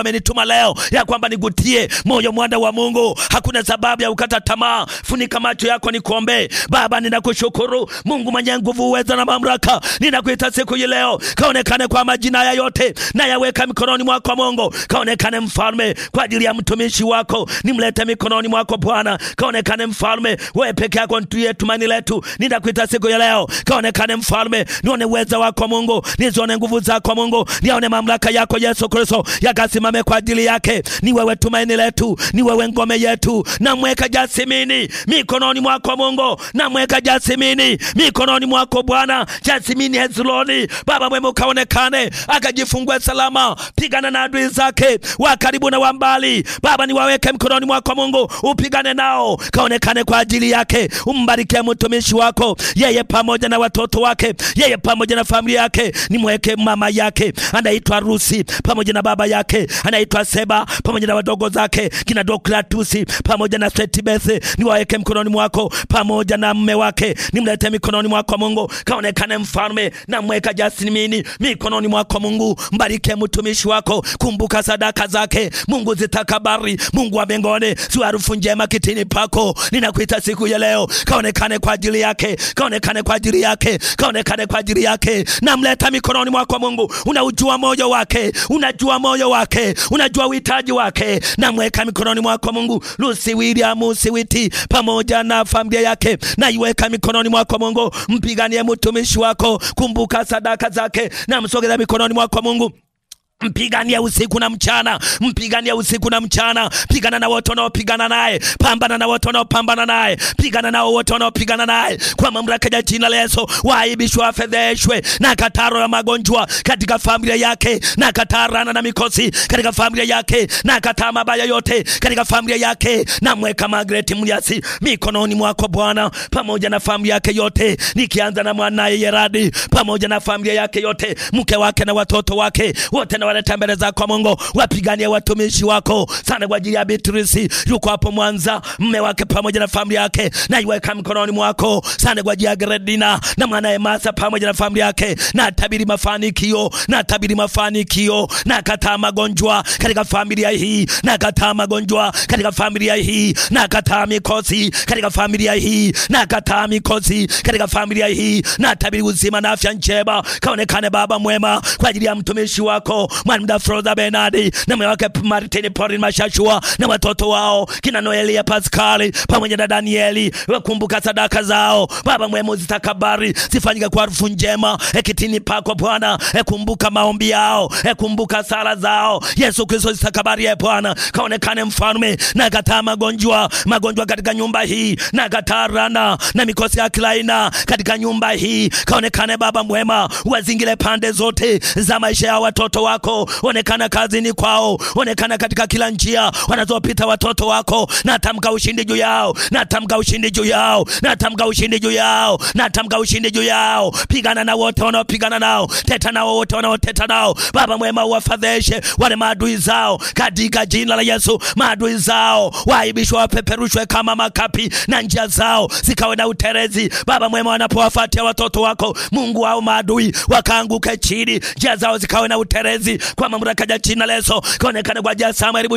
amenituma leo, ya kwamba nigutie moyo mwanda wa Mungu. Hakuna sababu ya ukata tamaa. Funika macho yako, nikuombe. Baba, ninakushukuru Mungu mwenye nguvu, uweza na mamlaka, ninakuita siku hii leo, kaonekane kwa majina ya yote, na yaweka mikononi mwako Mungu, kaonekane mfalme, kwa ajili ya mtumishi wako nimlete Kalete mikononi mwako Bwana, kaonekane mfalme, wewe peke yako ndiye tumaini letu. Ninakuita siku ya leo, kaonekane mfalme, nione uweza wako Mungu, nizione nguvu zako Mungu, nione mamlaka yako Yesu Kristo, yakasimame kwa ajili yake. Ni wewe tumaini letu, ni wewe ngome yetu. Namweka Jasimini mikononi mwako Mungu, namweka Jasimini mikononi mwako Bwana. Jasimini Hezroni, Baba mwema, ukaonekane akajifungua salama, pigana na adui zake wa karibu na wa mbali. Baba niwaweke mkononi mwako wako Mungu, upigane nao, kaonekane kwa ajili yake. Umbarikie mtumishi wako, yeye pamoja na watoto wake, yeye pamoja na familia yake. Nimweke mama yake anaitwa Rusi pamoja na baba yake anaitwa Seba pamoja na wadogo zake kina Doklatusi pamoja na Setibeth, niwaweke mkononi mwako pamoja na mme wake, nimlete mikononi mwako Mungu, kaonekane mfalme na mweka Jasmini mikononi mwako Mungu, mbarikie mtumishi wako, kumbuka sadaka zake Mungu, zitakabari Mungu wa mbinguni pale si harufu njema kitini pako. Ninakuita siku ya leo, kaonekane kwa ajili yake, kaonekane kwa ajili yake, kaonekane kwa ajili yake. Namleta mikononi mwako Mungu, unaujua moyo wake, unajua moyo wake, unajua uhitaji wake. Namweka mikononi mwako Mungu, Lucy William Usiwiti pamoja na familia yake, naiweka mikononi mwako Mungu, mpiganie mtumishi wako, kumbuka sadaka zake, namsogeza mikononi mwako Mungu Mpigania usiku na mchana, mpigania usiku na mchana. Pigana na watu wanaopigana naye, pambana na watu wanaopambana naye, pigana nao wote wanaopigana naye kwa mamlaka ya jina la Yesu. Waaibishwe, wafedheshwe na kataro ya magonjwa katika familia yake, na katarana na mikosi katika familia yake, na kataa mabaya yote katika familia yake. Na mweka Magreti Mliasi mikononi mwako Bwana, pamoja na familia yake yote, nikianza na mwanaye Yeradi pamoja na familia yake yote, mke wake na watoto wake wote na wanatembeleza kwa Mungu, wapiganie watumishi wako. Sana kwa ajili ya Beatrice, yuko hapo Mwanza, mme wake pamoja na familia yake, na iweka mkononi mwako. Sana kwa ajili ya Gredina na mwanae Martha pamoja na familia yake, na tabiri mafanikio, na tabiri mafanikio, na kataa magonjwa katika familia hii, na kataa magonjwa katika familia hii, na kataa mikosi katika familia hii, na kataa mikosi katika familia hii, na tabiri uzima na afya njema, kaonekane baba mwema kwa ajili ya mtumishi wako mwanamda Froza Benadi na mume wake Martin Paulin Mashashua na watoto wao kina Noeli ya Pascali pamoja na Danieli, wakumbuka sadaka zao Baba mwema, zitakabari zifanyike kwa harufu njema ekitini pako Bwana, ekumbuka maombi yao, ekumbuka sala zao. Yesu Kristo zitakabari, ya e Bwana, kaonekane mfalme. Na kataa magonjwa, magonjwa katika nyumba hii, na kataa rana na mikosi ya kila aina katika nyumba hii, kaonekane Baba mwema, wazingile pande zote za maisha ya watoto wako wako, onekana kazini kwao, onekana katika kila njia wanazopita watoto wako. Natamka ushindi juu yao, natamka ushindi juu yao, natamka ushindi juu yao, natamka ushindi juu yao. Pigana na wote wanaopigana nao, teta nao wote wanaoteta nao. Baba mwema, uwafadhaishe wale maadui zao katika jina la Yesu. Maadui zao waaibishwe, wapeperushwe kama makapi, na njia zao zikawe na uterezi. Baba mwema, wanapowafuatia watoto wako Mungu, au maadui wakaanguke chini, njia zao zikawe na uterezi kwa mamlaka ya jina la Yesu, kaonekane kwa ajili ya Samweli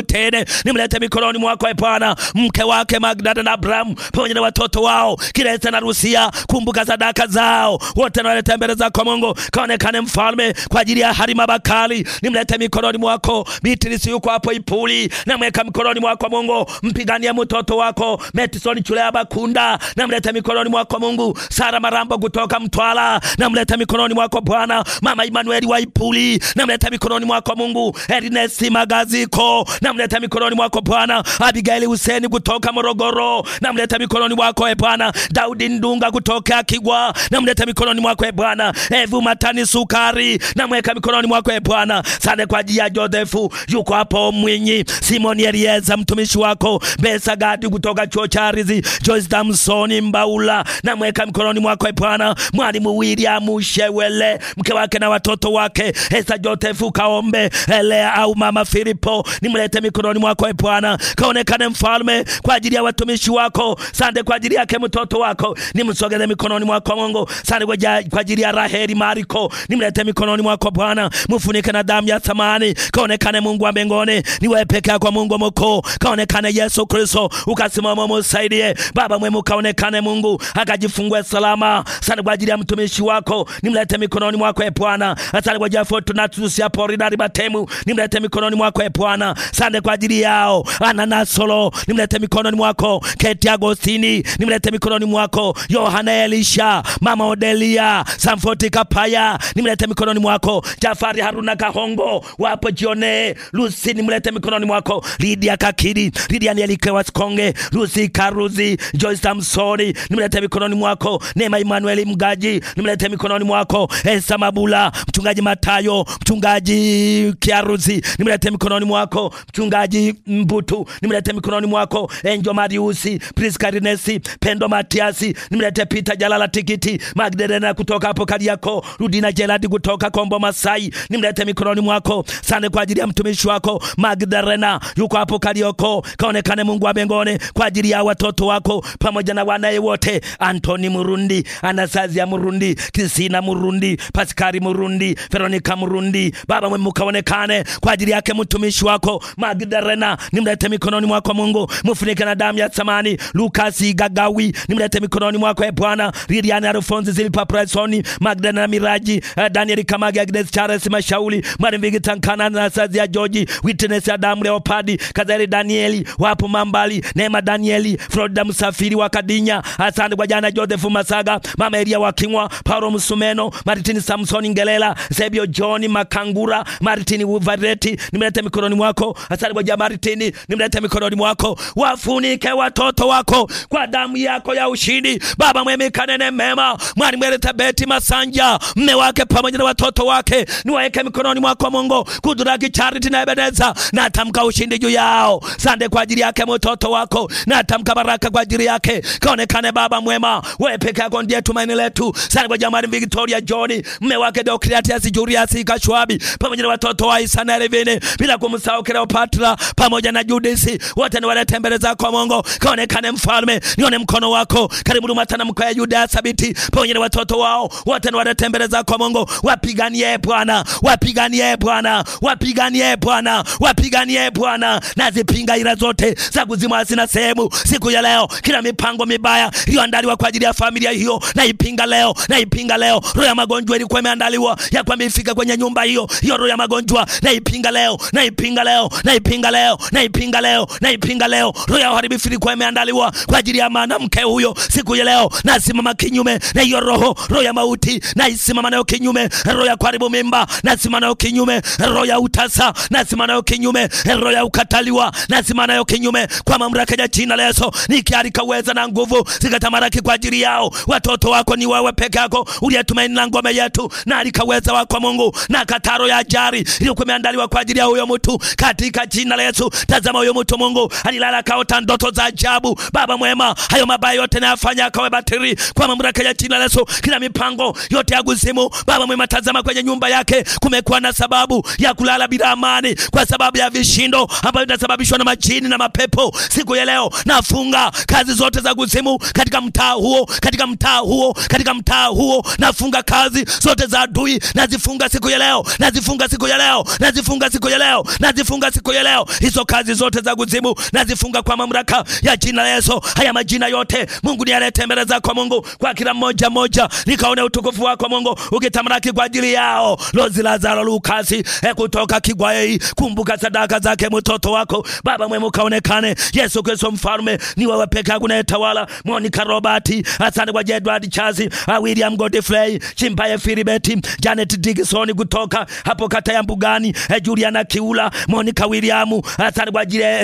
nimlete mikononi mwako e Bwana, mke wake Magdalena na Abrahamu pamoja na watoto wao kileta na Rusia, kumbuka sadaka zao wote na walete mbele za kwa Mungu, kaonekane mfalme kwa ajili ya Halima Bakali, nimlete mikononi mwako. Beatrice yuko hapo Ipuli, namweka mikononi mwako Mungu, mpigania mtoto wako Metson Chulea Bakunda, namlete mikononi mwako Mungu. Sara Marambo kutoka Mtwara, namlete mikononi mwako Bwana. Mama Emmanuel wa Ipuli, namlete mikononi mikononi mwako Mungu. Ernest Magaziko namleta mikononi mwako Bwana. Abigail Huseni kutoka Morogoro namleta mikononi mwako e Bwana. Daudi Ndunga kutoka Kigwa namleta mikononi mwako e Bwana. Evu Matani Sukari namweka mikononi mwako e Bwana. Sante kwa ajili ya Josefu yuko hapo Mwinyi, Simon Elieza mtumishi wako, Besa Gadi kutoka chuo cha Arizi, Joyce Damsoni Mbaula namweka mikononi mwako e Bwana. Mwalimu William Shewele mke wake na watoto wake Esa Josefu kaombe Elea au mama Filipo, nimlete mikononi mwako e Bwana, kaonekane mfalme kwa ajili ya watumishi wako. Sande kwa ajili yake mtoto wako, nimsogeze mikononi mwako Mungu. Sande kwa ajili ya Raheli Mariko, nimlete mikononi mwako Bwana, mfunike na damu ya thamani. Kaonekane Mungu wa mbinguni, ni wewe peke yako Mungu mkuu. Kaonekane Yesu Kristo, ukasimama msaidie baba mwema, kaonekane Mungu akajifungue salama. Sande kwa ajili ya mtumishi wako, nimlete mikononi mwako e Bwana. Asante kwa ajili ya Fortunatus hapo boridari batemu nimlete mikononi mwako e Bwana. Sande kwa ajili yao. Nasolo, nimlete mikononi mwako. Keti Agostini nimlete mikononi mwako. Yohana Elisha, Mama Odelia, Samfoti Kapaya nimlete mikononi mwako. Jafari Haruna Kahongo wapo jione. Lucy nimlete mikononi mwako. Lidia Kakiri, Lidia Nielike Wasikonge, Lucy Karuzi, Joyce Samsoni nimlete mikononi mwako. Neema Emmanuel Mgaji nimlete mikononi mwako. Esa Mabula, mchungaji Matayo, mchungaji Mchungaji Kiaruzi nimlete mikononi mwako. Mchungaji Mbutu nimlete mikononi mwako. Enjo Mariusi, Priska Rinesi, Pendo Matiasi nimlete. Pita Jalala Tikiti, Magdalena kutoka hapo Kariako, Rudina Jeladi kutoka Kombo Masai nimlete mikononi mwako. Sane kwa ajili ya mtumishi wako Magdalena yuko hapo Kariako, kaonekane Mungu wa mbinguni kwa ajili ya watoto wako pamoja na wanae wote, Antoni Murundi, Anasazia Murundi, Kisina Murundi, Paskari Murundi, Veronika Murundi, baba Baba, mwe mkaonekane kwa ajili yake mtumishi wako Magdalena, nimlete mikononi mwako Mungu, mufunike na damu ya thamani. Lucas Gagawi, nimlete mikononi mwako e Bwana. Lilian Alphonse, Zilpa Presoni, Magdalena Miraji, eh, Daniel Kamage, Agnes Charles Mashauli, Marvin Vitankana na Sazi ya George, Witness Adam Leopard, Kazari Danieli, wapo mambali, Neema Danieli, Florida Msafiri wa Kadinya, asante kwa jana Joseph Masaga, Mama Elia Wakingwa, Paulo Msumeno, Martin Samson Ngelela, Sebio John Makangura Mura, Martini Vareti, nimeleta mikononi mwako. Asante Bwana Martini, nimeleta mikononi mwako. Wafunike watoto wako kwa damu yako ya ushindi. Baba mwema, kanene mema. Mwani mweleta Beti Masanja, mme wake pamoja na watoto wake, niwaeke mikononi mwako Mungu. Kuduraki Charity na Ebeneza, natamka ushindi juu yao. Asante kwa ajili yake mtoto wako, natamka baraka kwa ajili yake. Kaonekane Baba mwema, wewe peke yako ndiye tumaini letu. Asante Bwana Victoria John, mme wake Deogratias Julius Kashwabi pamoja na watoto wa Isa na Levine, bila kumsahau Kleopatra pamoja na Judisi, wote ni wale tembele zako Mungu, kaonekane mfalme, nione mkono wako karibu Dumata na mkoa ya Yuda Sabiti, pamoja na watoto wao wote ni wale tembele zako Mungu, wapiganie Bwana, wapiganie Bwana, wapiganie Bwana, wapiganie Bwana, nazipinga ila zote za kuzima hazina sehemu siku ya leo, kila mipango mibaya iliyoandaliwa kwa ajili ya familia hiyo naipinga leo, naipinga leo. Roho ya magonjwa ilikuwa imeandaliwa ya kwamba ifika kwenye nyumba hiyo hiyo hiyo roho ya magonjwa naipinga leo, naipinga leo, naipinga leo, naipinga leo, naipinga leo. Roho ya uharibifu ilikuwa imeandaliwa kwa ajili ya mwanamke huyo siku ya leo, nasimama kinyume na hiyo roho. Roho ya mauti naisimama nayo kinyume, roho ya kuharibu mimba nasimama nayo kinyume, roho ya utasa nasimama nayo kinyume, roho ya ukataliwa nasimama nayo kinyume, kwa mamlaka ya jina la Yesu nikiarika uweza na nguvu zikatamaraki kwa ajili yao. Watoto wako ni wewe peke yako uliyetumaini na ngome yetu, na alikaweza wako Mungu na kataro ya ajali iliyokuwa imeandaliwa kwa ajili ya huyo mtu katika jina la Yesu. Tazama huyo mtu Mungu alilala kaota ndoto za ajabu. Baba mwema, hayo mabaya yote nayafanya akawe batiri kwa mamlaka ya jina la Yesu. Kila mipango yote ya kuzimu, Baba mwema, tazama kwenye nyumba yake kumekuwa na sababu ya kulala bila amani kwa sababu ya vishindo ambavyo vinasababishwa na majini na mapepo. Siku ya leo nafunga kazi zote za kuzimu katika mtaa huo, katika mtaa huo, katika mtaa huo, nafunga kazi zote za adui, nazifunga siku ya leo, nazifunga nazifunga siku ya leo, nazifunga siku ya leo, nazifunga siku ya leo. Hizo kazi zote za kuzimu nazifunga kwa mamlaka ya jina la Yesu. Haya majina yote Mungu nialete mbele za kwa Mungu, kwa kila mmoja mmoja nikaone utukufu wako Mungu ukitamraki kwa ajili yao. Lozi Lazaro Lukasi e, kutoka Kigwaei, kumbuka sadaka zake mtoto wako Baba mwema, ukaonekane Yesu Kristo mfalme, ni wewe pekee unayetawala. Monica Robert, asante kwa Edward Chazi, William Godfrey Chimpaye, Filibeti Janet Dickson kutoka hapo kata ya Mbugani, eh, Juliana Kiula, Monica Williamu, asante kwa ajili ya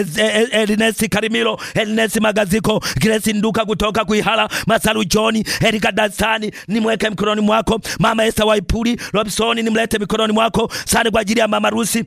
Ernest Karimilo, Ernest Magaziko, Grace Nduka kutoka Kuihala, Masalu Joni, Erika Dasani, nimweke mikononi mwako. Mama esa Waipuri Robson, nimlete mikononi mwako. Asante kwa ajili ya Mama Rusi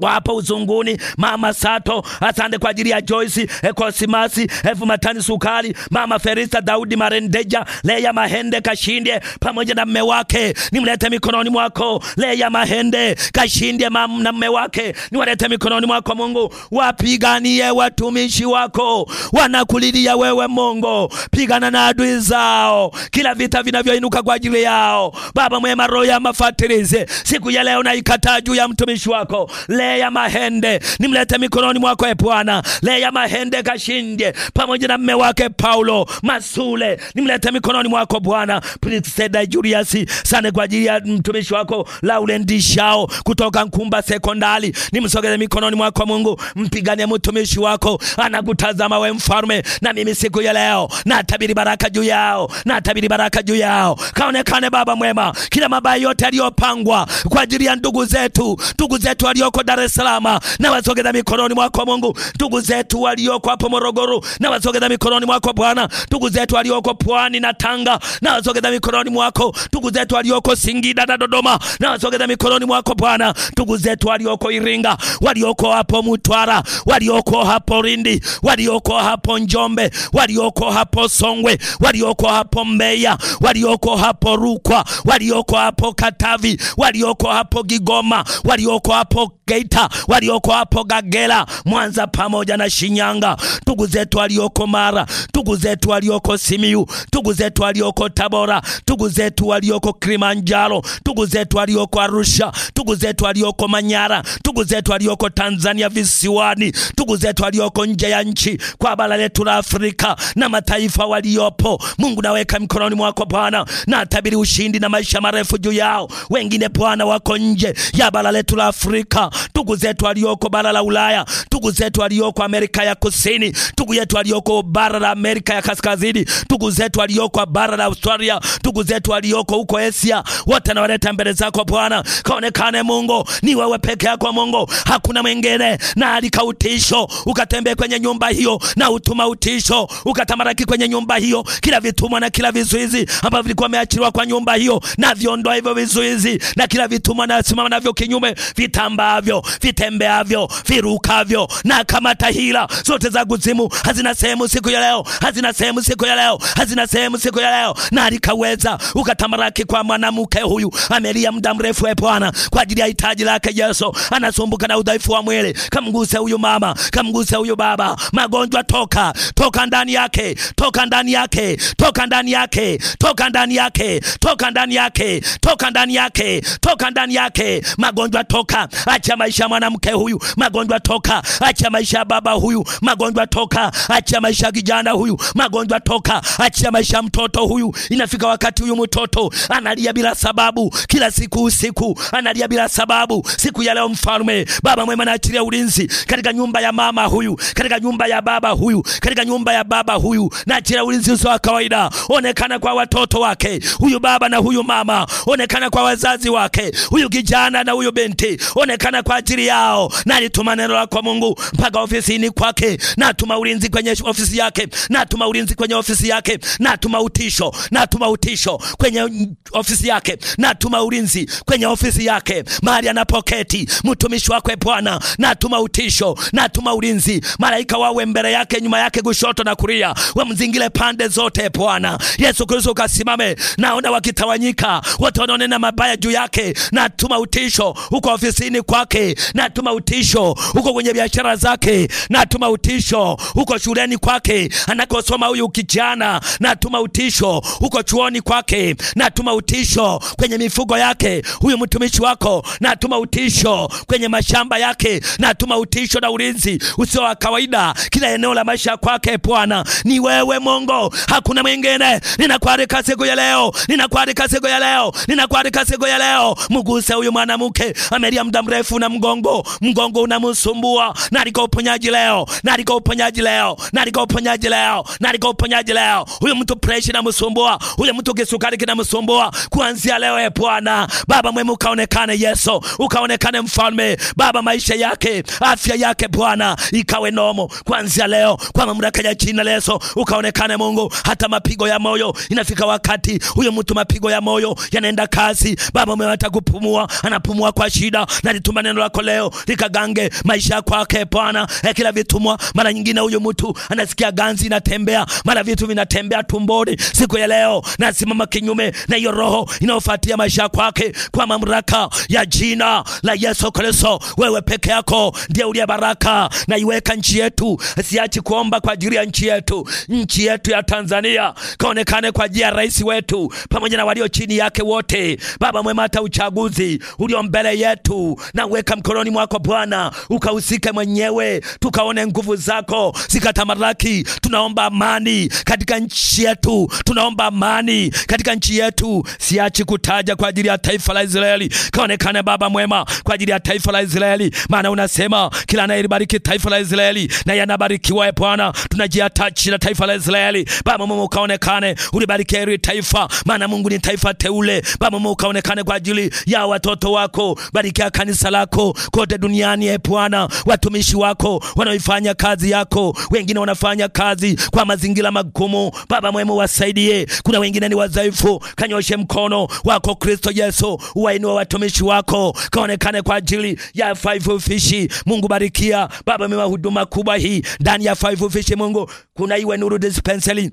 Wapa uzunguni mama Sato, asante kwa ajili ya Joyce eh, Kosimasi eh, matani sukari, mama Ferista Daudi Marendeja, Leya Mahende Kashinde pamoja na mme wake, nimlete mikononi mwako. Leya Mahende Kashinde mama na mme wake, niwalete mikononi mwako Mungu, wapiganie watumishi wako, wanakulilia wewe Mungu, pigana na adui zao, kila vita vinavyoinuka kwa ajili yao. Baba mwema, roho ya mafatirize siku ya leo naikataa juu ya mtumishi wako Le Leya mahende, nimlete mikononi mwako e Bwana. Leya mahende kashinde pamoja na mme wake Paulo Masule, nimlete mikononi mwako Bwana. Priscilla Julius, sane kwa ajili ya mtumishi wako Laurent Shao kutoka Nkumba Sekondari, nimsogeze mikononi mwako Mungu. Mpiganie mtumishi wako, anakutazama we mfalme, na mimi siku ya leo natabiri baraka juu yao, natabiri baraka juu yao. Kaonekane Baba mwema, kila mabaya yote yaliyopangwa kwa ajili ya ndugu zetu, ndugu zetu walioko Dar Dar es Salaam, na nawasogeza mikononi mwako Mungu. Ndugu zetu walioko hapo Morogoro, na nawasogeza mikononi mwako Bwana. Ndugu zetu walioko Pwani na Tanga, na nawasogeza mikononi mwako. Ndugu zetu walioko Singida na Dodoma, na nawasogeza mikononi mwako Bwana. Ndugu zetu walioko Iringa, walioko hapo Mtwara, walioko hapo Lindi, walioko hapo Njombe, walioko hapo Songwe, walioko hapo Mbeya, walioko hapo Rukwa, walioko hapo Katavi, walioko hapo Kigoma, walioko hapo Ge Geita, walioko hapo Kagera, Mwanza pamoja na Shinyanga, ndugu zetu walioko Mara, ndugu zetu walioko Simiu, ndugu zetu walioko Tabora, ndugu zetu walioko Kilimanjaro, ndugu zetu walioko Arusha, ndugu zetu walioko Manyara, ndugu zetu walioko Tanzania visiwani, ndugu zetu walioko nje ya nchi, kwa bara letu la Afrika na mataifa waliopo. Mungu, naweka mikononi mwako Bwana, na tabiri ushindi na maisha marefu juu yao. Wengine Bwana wako nje ya bara letu la Afrika, ndugu zetu walioko bara la Ulaya, ndugu zetu walioko Amerika ya Kusini, ndugu yetu walioko bara la Amerika ya Kaskazini, ndugu zetu walioko bara la Australia, ndugu zetu walioko huko Asia, wote nawaleta mbele zako Bwana, kaonekane Mungu, ni wewe peke yako Mungu, hakuna mwingine. Na alika utisho ukatembee kwenye nyumba hiyo, na utuma utisho ukatamaraki kwenye nyumba hiyo, kila vitumwa na kila vizuizi ambavyo vilikuwa vimeachiliwa kwa nyumba hiyo, na viondoa hivyo vizuizi na kila vitumwa na simama navyo kinyume vitambavyo vitembeavyo, virukavyo na kama tahila zote za kuzimu hazina sehemu siku ya leo, hazina sehemu siku ya leo, hazina sehemu siku ya leo. Na alikaweza ukatamaraki kwa mwanamke huyu, amelia muda mrefu. E Bwana, kwa ajili ya hitaji lake Yesu, anasumbuka na udhaifu wa mwili. Kamguse huyu mama, kamguse huyu baba. Magonjwa toka, toka ndani yake, toka ndani yake, toka ndani yake, toka ndani yake, toka ndani yake, toka ndani yake, toka ndani yake. Magonjwa toka, acha maisha maisha mwanamke huyu, magonjwa toka. Achia maisha ya baba huyu, magonjwa toka. Achia maisha ya kijana huyu, magonjwa toka. Achia maisha ya mtoto huyu. Inafika wakati huyu mtoto analia bila sababu, kila siku usiku analia bila sababu. Siku ya leo, mfalme baba mwema, naachilia ulinzi katika nyumba ya mama huyu, katika nyumba ya baba huyu, katika nyumba ya baba huyu, naachilia ulinzi usio wa kawaida. Onekana kwa watoto wake huyu baba na huyu mama, onekana kwa wazazi wake huyu kijana na huyu binti, onekana kwa ajili yao, na alituma neno la kwa Mungu mpaka ofisini kwake, na atuma ulinzi kwenye ofisi yake, na atuma ulinzi kwenye ofisi yake, na atuma utisho, na atuma utisho kwenye ofisi yake, na atuma ulinzi kwenye ofisi yake, mahali anapoketi mtumishi wake Bwana, na atuma utisho, na atuma ulinzi, malaika wawe mbele yake, nyuma yake, kushoto na kulia, wamzingile pande zote. Bwana Yesu Kristo, ukasimame. Naona wakitawanyika wote wanaonena mabaya juu yake, na atuma utisho huko ofisini kwake natuma utisho huko kwenye biashara zake, natuma utisho huko shuleni kwake anakosoma huyu kijana, natuma utisho huko chuoni kwake, natuma utisho kwenye mifugo yake huyu mtumishi wako, natuma utisho kwenye mashamba yake, natuma utisho na ulinzi usio wa kawaida kila eneo la maisha kwake. Bwana ni wewe Mungu, hakuna mwingine. Ninakualika siku ya leo, ninakualika siku ya leo, ninakualika siku ya leo, muguse huyu mwanamke amelia muda mrefu na mgongo, mgongo unamsumbua. Nalika uponyaji leo, nalika uponyaji leo, nalika uponyaji leo, nalika uponyaji leo. Huyo mtu pressure inamsumbua, huyo mtu kisukari kinamsumbua. Kuanzia leo, e Bwana Baba mwema, ukaonekane Yesu, ukaonekane mfalme Baba, maisha yake, afya yake Bwana ikawe nomo kuanzia leo, kwa mamlaka ya jina la Yesu, ukaonekane Mungu. Hata mapigo ya moyo inafika wakati huyo mtu mapigo ya moyo yanaenda kasi, Baba mwema, atakupumua anapumua kwa shida, na nalitumba neno lako leo likagange maisha yako yake Bwana. E, kila vitumwa, mara nyingine huyu mtu anasikia ganzi inatembea, mara vitu vinatembea tumboni. Siku ya leo nasimama kinyume na hiyo roho inayofuatia maisha yako yake kwa mamlaka ya jina la Yesu Kristo. Wewe peke yako ndiye uliye baraka, na iweka nchi yetu. Siachi kuomba kwa ajili ya nchi yetu, nchi yetu ya Tanzania kaonekane kwa ajili ya rais wetu pamoja na walio chini yake wote. Baba mwema, hata uchaguzi ulio mbele yetu na weka mkononi mwako Bwana, ukahusike mwenyewe, tukaone nguvu zako zikatamalaki. Tunaomba amani katika nchi yetu, tunaomba amani katika nchi yetu. Siachi kutaja kwa ajili ya taifa la Israeli, kaonekane Baba mwema kwa ajili ya taifa la Israeli, maana unasema kila anayelibariki taifa la Israeli na yanabarikiwa. E Bwana, tunajiatachi na taifa la Israeli. Baba mwema, ukaonekane, ulibariki hili taifa, maana Mungu ni taifa teule. Baba mwema, ukaonekane kwa ajili ya watoto wako, barikia kanisa lako kote duniani. E Bwana, watumishi wako wanaoifanya kazi yako, wengine wanafanya kazi kwa mazingira magumu. Baba mwema, wasaidie. Kuna wengine ni wadhaifu, kanyoshe mkono wako Kristo Yesu, uwainue watumishi wako, kaonekane kwa ajili ya Five Fish. Mungu barikia, Baba mwema, huduma kubwa hii ndani ya Five Fish. Mungu kuna iwe nuru dispensary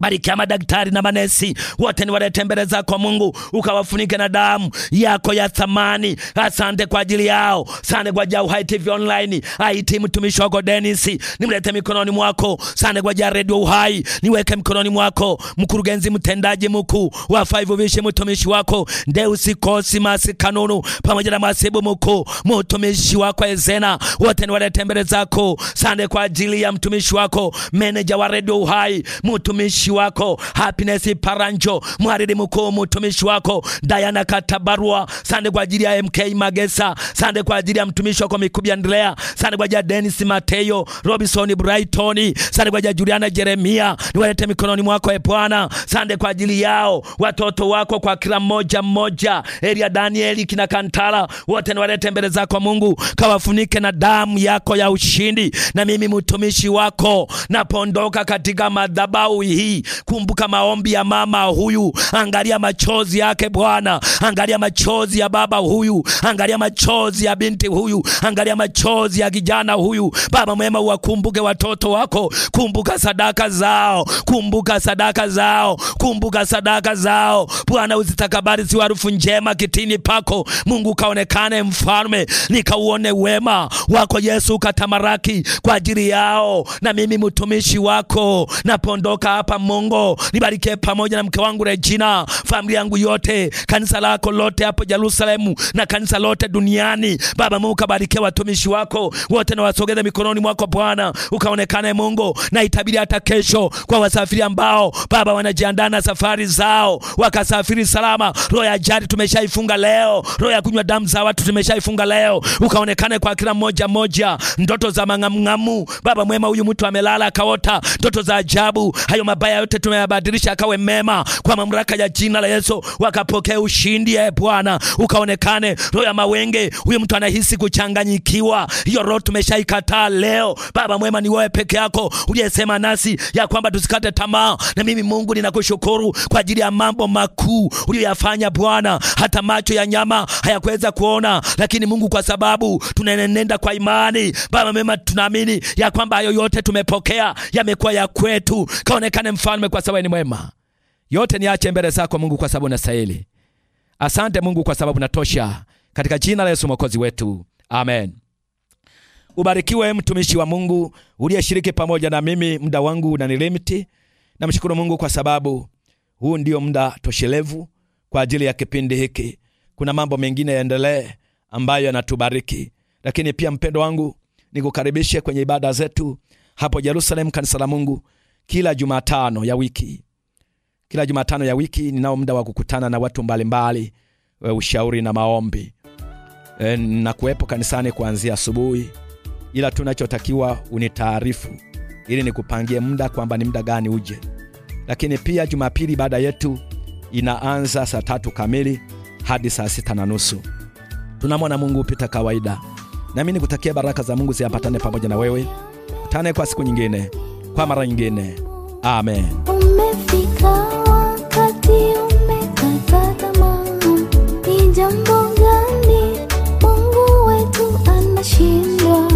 Barikia madaktari na manesi wote, ni walete mbele zako Mungu, ukawafunike na damu yako ya thamani. Asante kwa ajili yao, asante kwa ajili ya Uhai TV Online, aiti mtumishi wako Dennis, nimlete mikononi mwako. Asante kwa ajili ya Radio Uhai, niweke mikononi mwako, mkurugenzi mtendaji mkuu wa Five Vision, mtumishi wako Deus Cosmas Kanunu, pamoja na masibu mkuu mtumishi wako Ezena, wote ni walete mbele zako. Asante kwa ajili ya mtumishi wako meneja wa Radio Uhai mtumishi mtumishi wako Happiness Paranjo, mhariri mkuu mtumishi wako Diana Katabarua. Sande kwa ajili ya MK Magesa, sande kwa ajili ya mtumishi wako Mikubi Andrea, sande kwa ajili ya Dennis Mateo, Robinson Brighton, sande kwa ajili ya Juliana Jeremia, niwalete mikononi mwako e Bwana. Sande kwa ajili yao watoto wako, kwa kila mmoja mmoja, Elia Danieli kina Kantala, wote niwalete mbele zako Mungu, kawafunike na damu yako ya ushindi, na mimi mtumishi wako napondoka katika madhabahu hii Kumbuka maombi ya mama huyu, angalia machozi yake Bwana, angalia machozi ya baba huyu, angalia machozi ya binti huyu, angalia machozi ya kijana huyu. Baba mwema, uwakumbuke watoto wako, kumbuka sadaka zao, kumbuka sadaka zao, kumbuka sadaka zao. Bwana, uzitakabali si harufu njema kitini pako. Mungu, kaonekane mfalme, nikauone wema wako Yesu, ukatamaraki kwa ajili yao, na mimi mtumishi wako napondoka hapa Mungu. Mungu. Nibarikie pamoja na mke wangu Regina, familia yangu yote, kanisa lako lote hapo Jerusalemu na kanisa lote duniani. Baba Mungu, kabarikie watumishi wako wote na wasogeze mikononi mwako Bwana, ukaonekane Mungu, na itabidi hata kesho kwa wasafiri ambao Baba wanajiandaa na safari zao, wakasafiri salama. Roho ya ajali tumeshaifunga leo, roho ya kunywa damu za watu tumeshaifunga leo, ukaonekane kwa kila mmoja mmoja, ndoto za mangamngamu. Baba mwema, huyu mtu amelala akaota ndoto za ajabu, hayo mabaya mabaya yote tumeyabadilisha akawe mema kwa mamlaka ya jina la Yesu. wakapokea ushindi, e Bwana, ukaonekane. Roho ya mawenge, huyu mtu anahisi kuchanganyikiwa, hiyo roho tumeshaikataa leo. Baba mwema, ni wewe peke yako uliyesema nasi ya kwamba tusikate tamaa, na mimi Mungu ninakushukuru kwa ajili ya mambo makuu uliyoyafanya Bwana. Hata macho ya nyama hayakuweza kuona, lakini Mungu, kwa sababu tunanenda kwa imani, Baba mwema, tunaamini ya kwamba hayo yote tumepokea, yamekuwa ya kwetu. Kaonekane mfalme, kwa sababu ni mwema. Yote niache mbele zako Mungu, kwa sababu unastahili. Asante Mungu, kwa sababu natosha, katika jina la Yesu mwokozi wetu, amen. Ubarikiwe mtumishi wa Mungu uliyeshiriki pamoja na mimi muda wangu na nilimiti. Namshukuru Mungu kwa sababu huu ndio muda toshelevu kwa ajili ya kipindi hiki. Kuna mambo mengine yaendelee ambayo yanatubariki, lakini pia mpendo wangu nikukaribishe kwenye ibada zetu hapo jerusalemu kanisa la Mungu kila Jumatano ya wiki. Kila Jumatano ya wiki ninao muda wa kukutana na watu mbalimbali mbali, eh, ushauri na maombi e, eh, na kuwepo kanisani kuanzia asubuhi, ila tunachotakiwa unitaarifu ili nikupangie muda kwamba ni muda gani uje. Lakini pia Jumapili baada yetu inaanza saa tatu kamili hadi saa sita na nusu. Tunamwona Mungu hupita kawaida, nami nikutakia baraka za Mungu ziapatane pamoja na wewe. Kutane kwa siku nyingine kwa mara nyingine. Amen. Umefika wakati umekata tamaa, ni jambo gani Mungu wetu anashindwa?